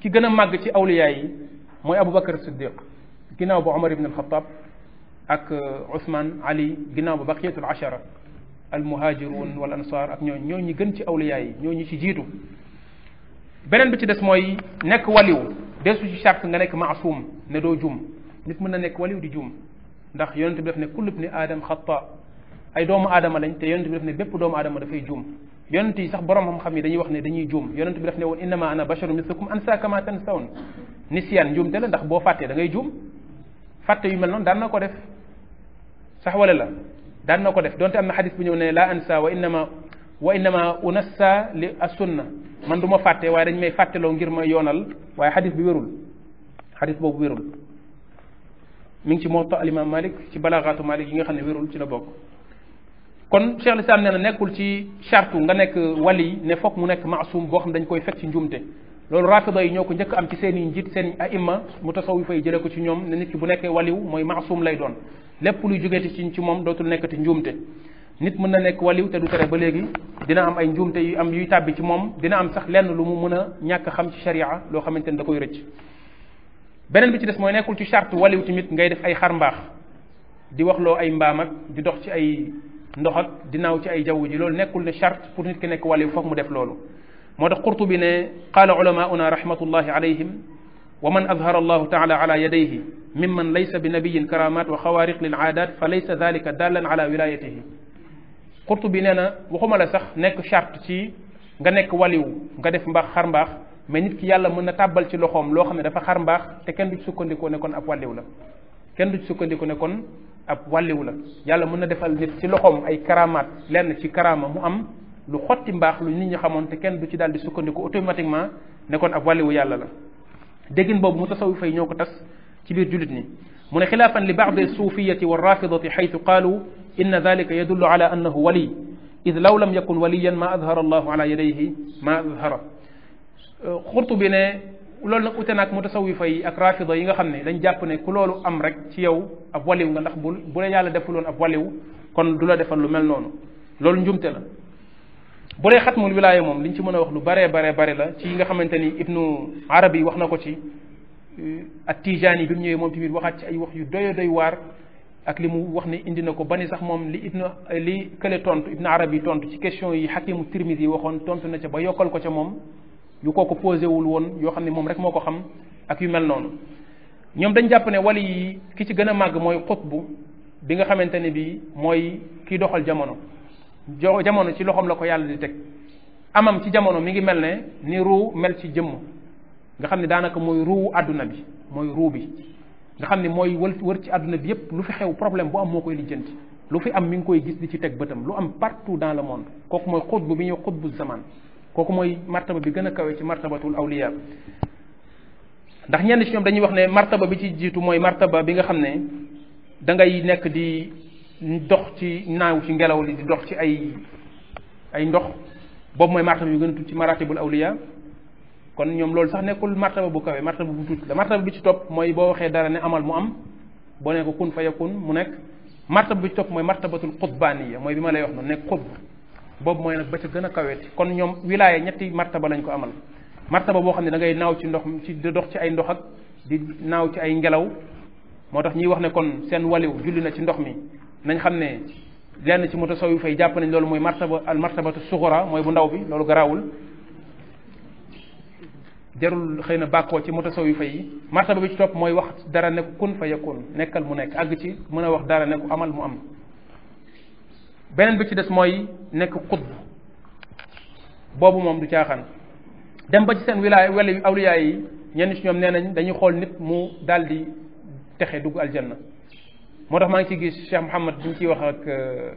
ki gën a màgg ci awliyaa yi mooy Aboubacar Siddiq ginnaaw ba Omar ibn al-Khattab ak euh, Ousmane Ali ginnaaw ba baqiyatul ashara al muhajirun wal ansar ak ñooñu ñoo ñi gën ci awliyaa yi ñoo ñi ci jiitu beneen bi ci des mooy nekk waliw desu ci charte nga nekk maasum ne doo jum nit mën na nekk waliw di jum ndax yonent bi def ne kullu ibni aadam xata ay doomu aadama lañ te yonent bi def ne bépp doomu aadama dafay jum yonent yi sax borom xam-xam yi dañuy wax ne dañuy juum yonent bi daf ne woon innama ana basharu mislukum ansa kama tansawun nisyan te la ndax boo fàtte da ngay juum fàtte yu mel noonu daan na ko def sax wala la daan na ko def donte am na xadis bu ñëw ne la ansa wa innama wa innama unassa li assunna man du ma fàtte waaye dañ may fàtteloo ngir ma yoonal waaye xadis bi wérul xadis boobu wérul mi ngi ci moo to al imam malik ci balagaatu malik yi nga xam ne wérul ci la bokk kon cheikh lislaam neena nekul ci charte nga nek wali ne foog mu nek ma'soum bo xam dañ koy fek ci njumte lolou rafida yi ñoko ñëk am ci seen i njiit seen aima mu tasawu fay jëlee ko ci ñom ne nit ki bu nekkee waliw moy ma'soum lay doon lépp lu jógeeti ci ci mom dootul nekk ci njumte nit mën na nekk waliw te du tere ba légui dina am ay njumte yu am yu tàbbi ci mom dina am sax lenn lu mu mëna ñak xam ci sharia lo xamante da koy rëcc benen bi ci dess moy nekul ci charte waliw timit ngay def ay xarmbax di wax lo ay mbam ak di dox ci ay ndoxat dinaaw ci ay jaww ji loolu nekkul ne charte pour nit ki nekk wàllu foog mu def loolu moo tax qurtu bi ne qaala ulamauna rahmatullahi alayhim wa man azhara allahu taala ala yadayhi mimman laysa bi nabiyin karamat wa xawaariq lil aadat fa laysa dalika dallan ala wilayatihi qurtubi bi nee na waxuma la sax nekk charte ci nga nekk waliw nga def mbax xar mbaax mais nit ki yàlla mën na tàbbal ci loxoom loo xam ne dafa xar mbaax te kenn du ci sukkandikoo ne kon ab waliw la kenn du ci sukkandikoo ne kon ab wàlliwu la yàlla mën na defal nit ci loxoom ay karamaat lenn ci karama mu am lu xotti mbaax lu nit ñi xamoon te kenn du ci daal di sukkandiku automatiquement ne kon ab wàlliwu yàlla la déggin boobu mu fay ñoo ko tas ci biir julit ñi mu ne xilaafan li baadi suufiyati wa rafidati xaytu qaalu in dalika yadullu ala annahu wali id law lam yakun waliyan ma adhara allahu ala yadayhi ma adhara xurtu bi ne loolu nag ute naag mutasawifa yi ak rafida yi nga xam ne dañ jàpp ne ku loolu am rek ci yow ab waliw nga ndax bu bu la yàlla defuloon ab waliw kon du la defal lu mel noonu loolu njumte la bu dee xatmul wilaaya moom liñ ci mën a wax lu baree baree bare la ci yi nga xamante ni ibnu arabi wax na ko ci euh, ak tijaani bi mu ñëwee moom tamit waxaat ci ay wax yu doy doy waar ak li mu wax ni indi na ko ba ni sax moom li ibnu li kële tontu ibnu arabi tontu ci question yi xakimu tirmisi yi waxoon tontu na ca ba yokkal ko ca moom yu kooku posé wul woon yoo xam ne moom rek moo ko xam ak yu mel noonu ñoom dañ jàpp ne wali yi ki ci gën a màgg mooy bu bi nga xamante ne bii mooy kiy doxal jamono jo jamono ci loxoom la ko yàlla di teg amam ci jamono mi ngi mel ne ni ruu mel ci jëmm nga xam ne daanaka mooy ruu àdduna bi mooy ruu bi nga xam ne mooy wër wër ci àdduna bi yépp lu fi xew problème bu am moo koy lijjanti lu fi am mi ngi koy gis li ci teg bëtam lu am partout dans le monde kooku mooy xutbu bi ñuy xutbu zaman kooku mooy martaba bi gën a kawe ci martabatul awliya ndax ñenn ci ñoom dañuy wax ne martaba bi ci jiitu mooy martaba bi nga xam ne da nekk di dox ci naaw ci ngelaw li di dox ci ay ay ndox boobu mooy martaba bi gën a tuuti ci maratibul awliya kon ñoom loolu sax nekkul martaba bu kawe martaba bu tuuti la martaba bi ci topp mooy boo waxee dara ne amal mu am boo ne ko kun fa yakun mu nekk martaba bi ci topp mooy martabatul qutbaniya mooy bi ma lay wax noonu nekk xutb boobu mooy nag ba ca gën a kaweeti kon ñoom wilaaya ñetti martaba lañ ko amal martaba boo xam ne da ngay naaw ci ndox ci di dox ci ay ndox ak di naaw ci ay ngelaw moo tax ñuy wax ne kon seen waliw julli na ci ndox mi nañ xam ne lenn ci moto sow yu fay jàpp nañ loolu mooy martaba al martabatu suxura mooy bu ndaw bi loolu garaawul jarul xëy na bàkkoo ci moto sow yu fay yi martaba bi ci topp mooy wax dara ne ko fa yakun nekkal mu nekk àgg ci mën a wax dara ne amal mu am beneen bi ci des mooy nekk xutb boobu moom du caaxaan dem ba ci seen wilaay wala awliyaa yi ñenn ci ñoom nee nañ dañuy xool nit mu daal di texe dugg aljanna moo tax maa ngi ci gis Cheikh Mouhamad bi ñu ciy wax ak euh,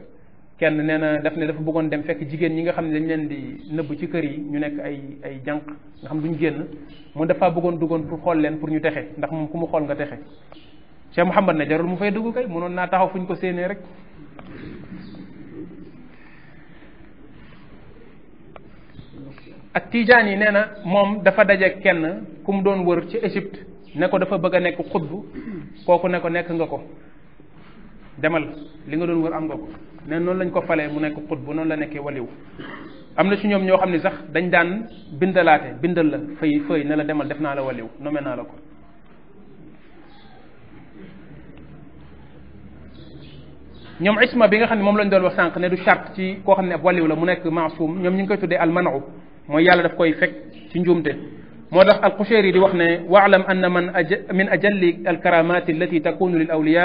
kenn nee na daf ne dafa bëggoon dem fekk jigéen ñi nga xam ne dañ leen di nëbb ci kër yi ñu nekk ay ay jànq nga xam duñ génn mu dafa bëggoon duggoon pour xool leen pour ñu texe ndax moom ku mu xool nga texe Cheikh Mouhamad ne jarul mu fay dugg mënoon naa taxaw fu ñu ko séenee rek ak tijaan yi nee na moom dafa daje kenn ku mu doon wër ci Égypte ne ko dafa bëgg a nekk xutbu kooku ne ko nekk nga ko demal li nga doon wër am nga ko ne noonu lañ ko falee mu nekk xutbu noonu la nekkee waliw am na ci ñoom ñoo xam ne sax dañ daan bindalaate bindal la fay la demal def naa la waliw nome naa la ko ñoom isma bi nga xam ne moom lañ doon wax sànq ne du charte ci koo xam ne ab waliw la mu nekk maasum ñoom ñu ngi koy tuddee almanu mooy yàlla daf koy fekk ci njuumte moo tax alqushayri di wax ne waalam anna man min ajalli alkaramat allati takunu lil awliya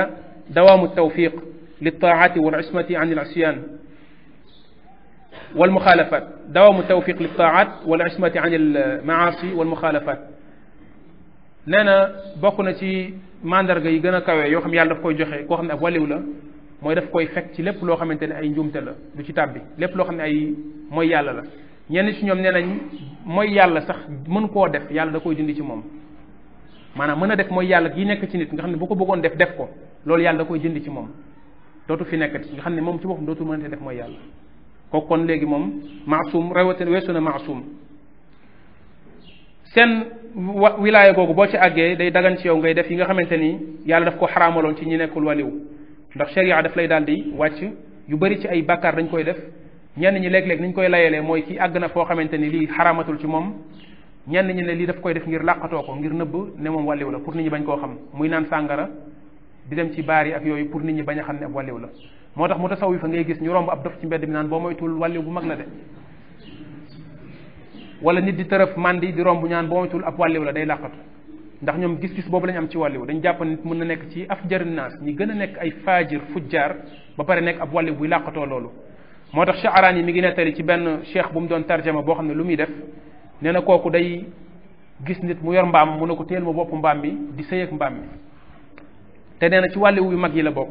dawaamu tawfiq للطاعات والعصمة عن العصيان والمخالفات دوام التوفيق للطاعات والعصمة عن المعاصي والمخالفات نانا بوكنا تي mandarga yi gën a kawe yoo xam yàlla daf koy joxe koo xam ne ab waliw la mooy daf koy fekk ci lépp loo xamante ne ay njuumte la du ci tàbbi lépp loo xam ne ay mooy yàlla la ñenn ci ñoom nee nañ mooy yàlla sax mën koo def yàlla da koy dindi ci moom maanaam mën a def mooy yàlla gi nekk ci nit nga xam ne bu ko bëggoon def def ko loolu yàlla da koy dindi ci moom dootu fi nekkati nga xam ne moom ci boppam dootu mënatee def mooy yàlla kooku kon léegi moom maasum rawatina weesu na maasum seen wa wilaaya googu boo ci àggee day dagan ci yow ngay def yi nga xamante ni yàlla daf ko xaraamaloon ci ñu nekkul waliw ndax sharia daf lay daal di wàcc yu bari ci ay bàkkaar dañ koy def ñenn ñi léeg-léeg ni ñu koy layalee mooy kii àgg na foo xamante ni lii xaramatul ci moom ñenn ñi ne lii daf koy def ngir làqatoo ko ngir nëbb ne moom wàlliw la pour nit ñi bañ koo xam muy naan sàngara di dem ci baar yi ak yooyu pour nit ñi bañ a xam ne ab wàlliw la moo tax mu tasaw fa ngay gis ñu romb ab dof ci mbedd mi naan boo moytul wàlliw bu mag la de nit di tërëf mandi di romb ñaan boo moytul ab wàlliw la day làqatu ndax ñoom gis-gis boobu lañ am ci wàlliw dañ jàpp nit mën na nekk ci afjar naas ñi gën a nekk ay faajir fujjaar ba pare nekk ab wàlliw buy làqatoo loolu moo tax Shaaraan yi mi ngi nettali ci benn cheikh bu mu doon tarjama boo xam ne lu muy def nee na kooku day gis nit mu yor mbaam mu ne ko téel ma bopp mbaam mi di sëy ak mbaam mi te nee na ci wàlliwu yu mag yi la bokk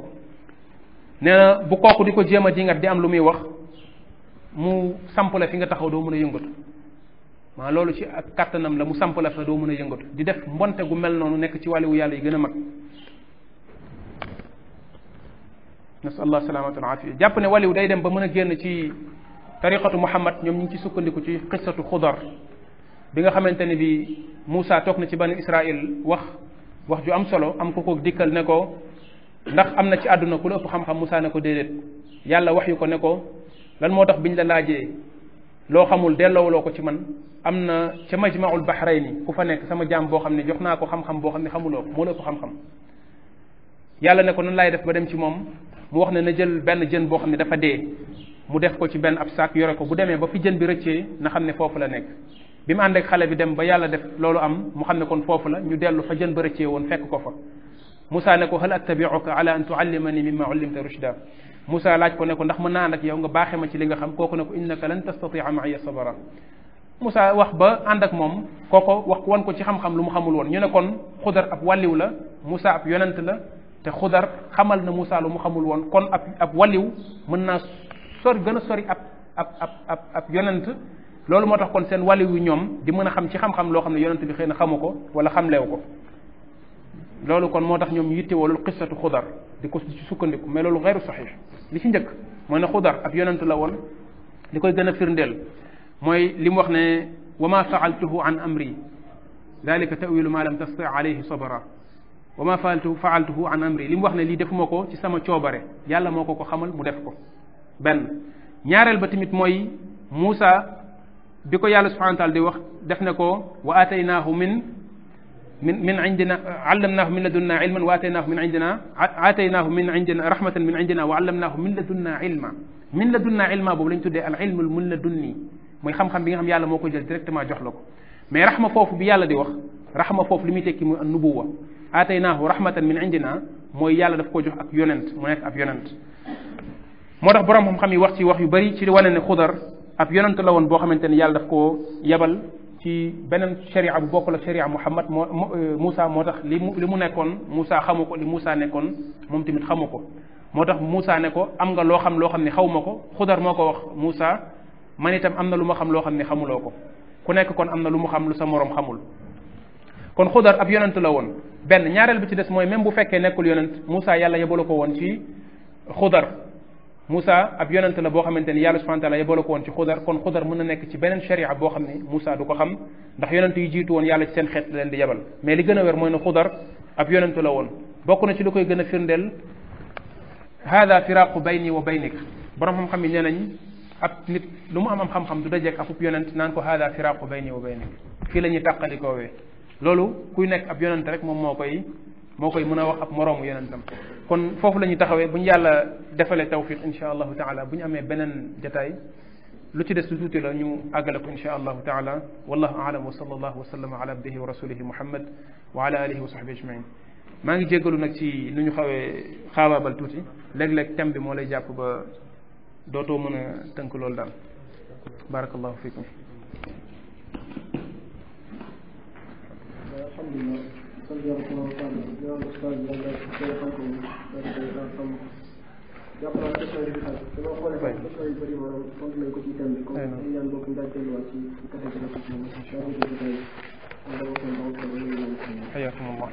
nee na bu kooku di ko jéem a dingat di am lu muy wax mu samp la fi nga taxaw doo mën a yëngatu maa loolu ci ak kattanam la mu samp la fa doo mën a yëngatu di def mbonte gu mel noonu nekk ci wàlliwu yàlla yi gën a mag nasal allah salamatu alafia jàpp ne waliw day dem ba mën a génn ci tariqatu muhammad ñoom ñu ngi ci sukkandiku ci qissatu xudar bi nga xamante ne bi Moussa toog na ci bani Israël wax wax ju am solo am ko ko dikkal ne ko ndax am na ci àdduna ku la ëpp xam-xam Moussa ne ko déedéet yàlla wax yu ko ne ko lan moo tax biñ la laajee loo xamul delloowuloo ko ci man am na ca majmaul bahrayni ku fa nekk sama jaam boo xam ne jox naa ko xam-xam boo xam ne xamuloo ko moo la ëpp xam-xam yàlla ne ko nan laay def ba dem ci moom mu wax ne na jël benn jën boo xam ne dafa dee mu def ko ci benn ab saak yore ko bu demee ba fi jën bi rëccee na xam ne foofu la nekk bi mu ànd ak xale bi dem ba yàlla def loolu am mu xam ne kon foofu la ñu dellu fa jën ba rëccee woon fekk ko fa Moussa ne ko hal attabi'uka ala an tu'allimani mimma 'allimta rushda Moussa laaj ko ne ko ndax mën naa nag yow nga baaxee ma ci li nga xam kooku ne ko innaka lan tastati'a ma'iya sabara Moussa wax ba ànd ak moom kooko wax wan ko ci xam-xam lu mu xamul woon ñu ne kon xudar ab wàlliw la Moussa ab yonent la te xudar xamal na Moussa lu mu xamul woon kon ab ab waliw mën naa sori gën a sori ab ab ab ab ab yonent loolu moo tax kon seen waliw yu ñoom di mën a xam ci xam-xam loo xam ne yonent bi xëy na xamu ko wala xamleew ko loolu kon moo tax ñoom yittewoo loolu qissatu xudar di ko ci sukkandiku mais loolu xeyru saxiix li ci njëkk mooy ne xudar ab yonent la woon li koy gën a firndeel mooy li mu wax ne wa ma faaltuhu an amri dalika tawilu ma lam tasti alayhi sabara وما فعلته فعلته عن امري لم واخنا لي دفو مكو سي سما تشوبره يالا مكو كو خمال مو دفكو بن نيارل با تيميت موي موسى بيكو يالا سبحانه وتعالى دي واخ دف واتيناه من من عندنا علمناه من لدنا علما واتيناه من عندنا اتيناه من عندنا رحمه من عندنا وعلمناه من لدنا علما من لدنا علما بوب لنج تودي العلم من لدني موي خم خم بيغا خم يالا مكو جيل ديريكتومون جوخ مي رحمه فوف بي يالا دي واخ رحمه فوف لي مي تيكي مو النبوه aataynaahu rahmatan min indina moy yàlla daf ko jox ak yonent mu nek ab yonent motax borom xam-xam yi wax ci wax yu bari ci wane ne khudar ab yonent la won bo xamanteni yàlla daf ko yabal ci benen sharia bu bokku la sharia muhammad musa motax li mu nekkon musa xamuko li musa nekkon mom timit xamuko motax musa ne ko am nga lo xam lo xamni xawmako khudar moko wax musa man itam amna luma xam lo xamni xamuloko ku nekk kon amna lu mu xam lu sa morom xamul kon xudar ab yonent la won ben ñaarel bi ci dess moy même bu fekke nekul yonent Moussa yàlla yebalu ko woon ci xudar Moussa ab yonent la bo xamanteni yàlla subhanahu wa taala yebalu ko woon ci xudar kon xudar mën na nek ci benen sharia bo xam ne Moussa du ko xam ndax yonent yi jitu won yàlla ci sen xet leen di yebal mais li gëna wér moy na xudar ab yonent la won bokku na ci lu gëna firndel هذا فراق بيني وبينك bayni wa baynik borom xam-xam yi ام nañ ab nit lu mu am am xam-xam du dajeeg akub yonent naan ko hada firaqu loolu kuy nekk ab yonent rek moom moo koy moo koy mën a wax ab moroomu yonentam kon foofu la ñuy taxawee bu ñu yàlla defalee tawfiq insha allahu taala bu ñu amee beneen jataay lu ci des lu tuuti la ñu àggale ko insha allahu taala wallahu alam wa sallallahu wa sallama ala abdihi wa rasulihi muhammad wa ala alihi wa sahbihi ajmain maa ngi jéggalu nag ci lu ñu xawee xaabaabal tuuti léeg-léeg thème bi moo lay jàpp ba dootoo mën a tënk loolu daal barakallahu fikum حياكم الله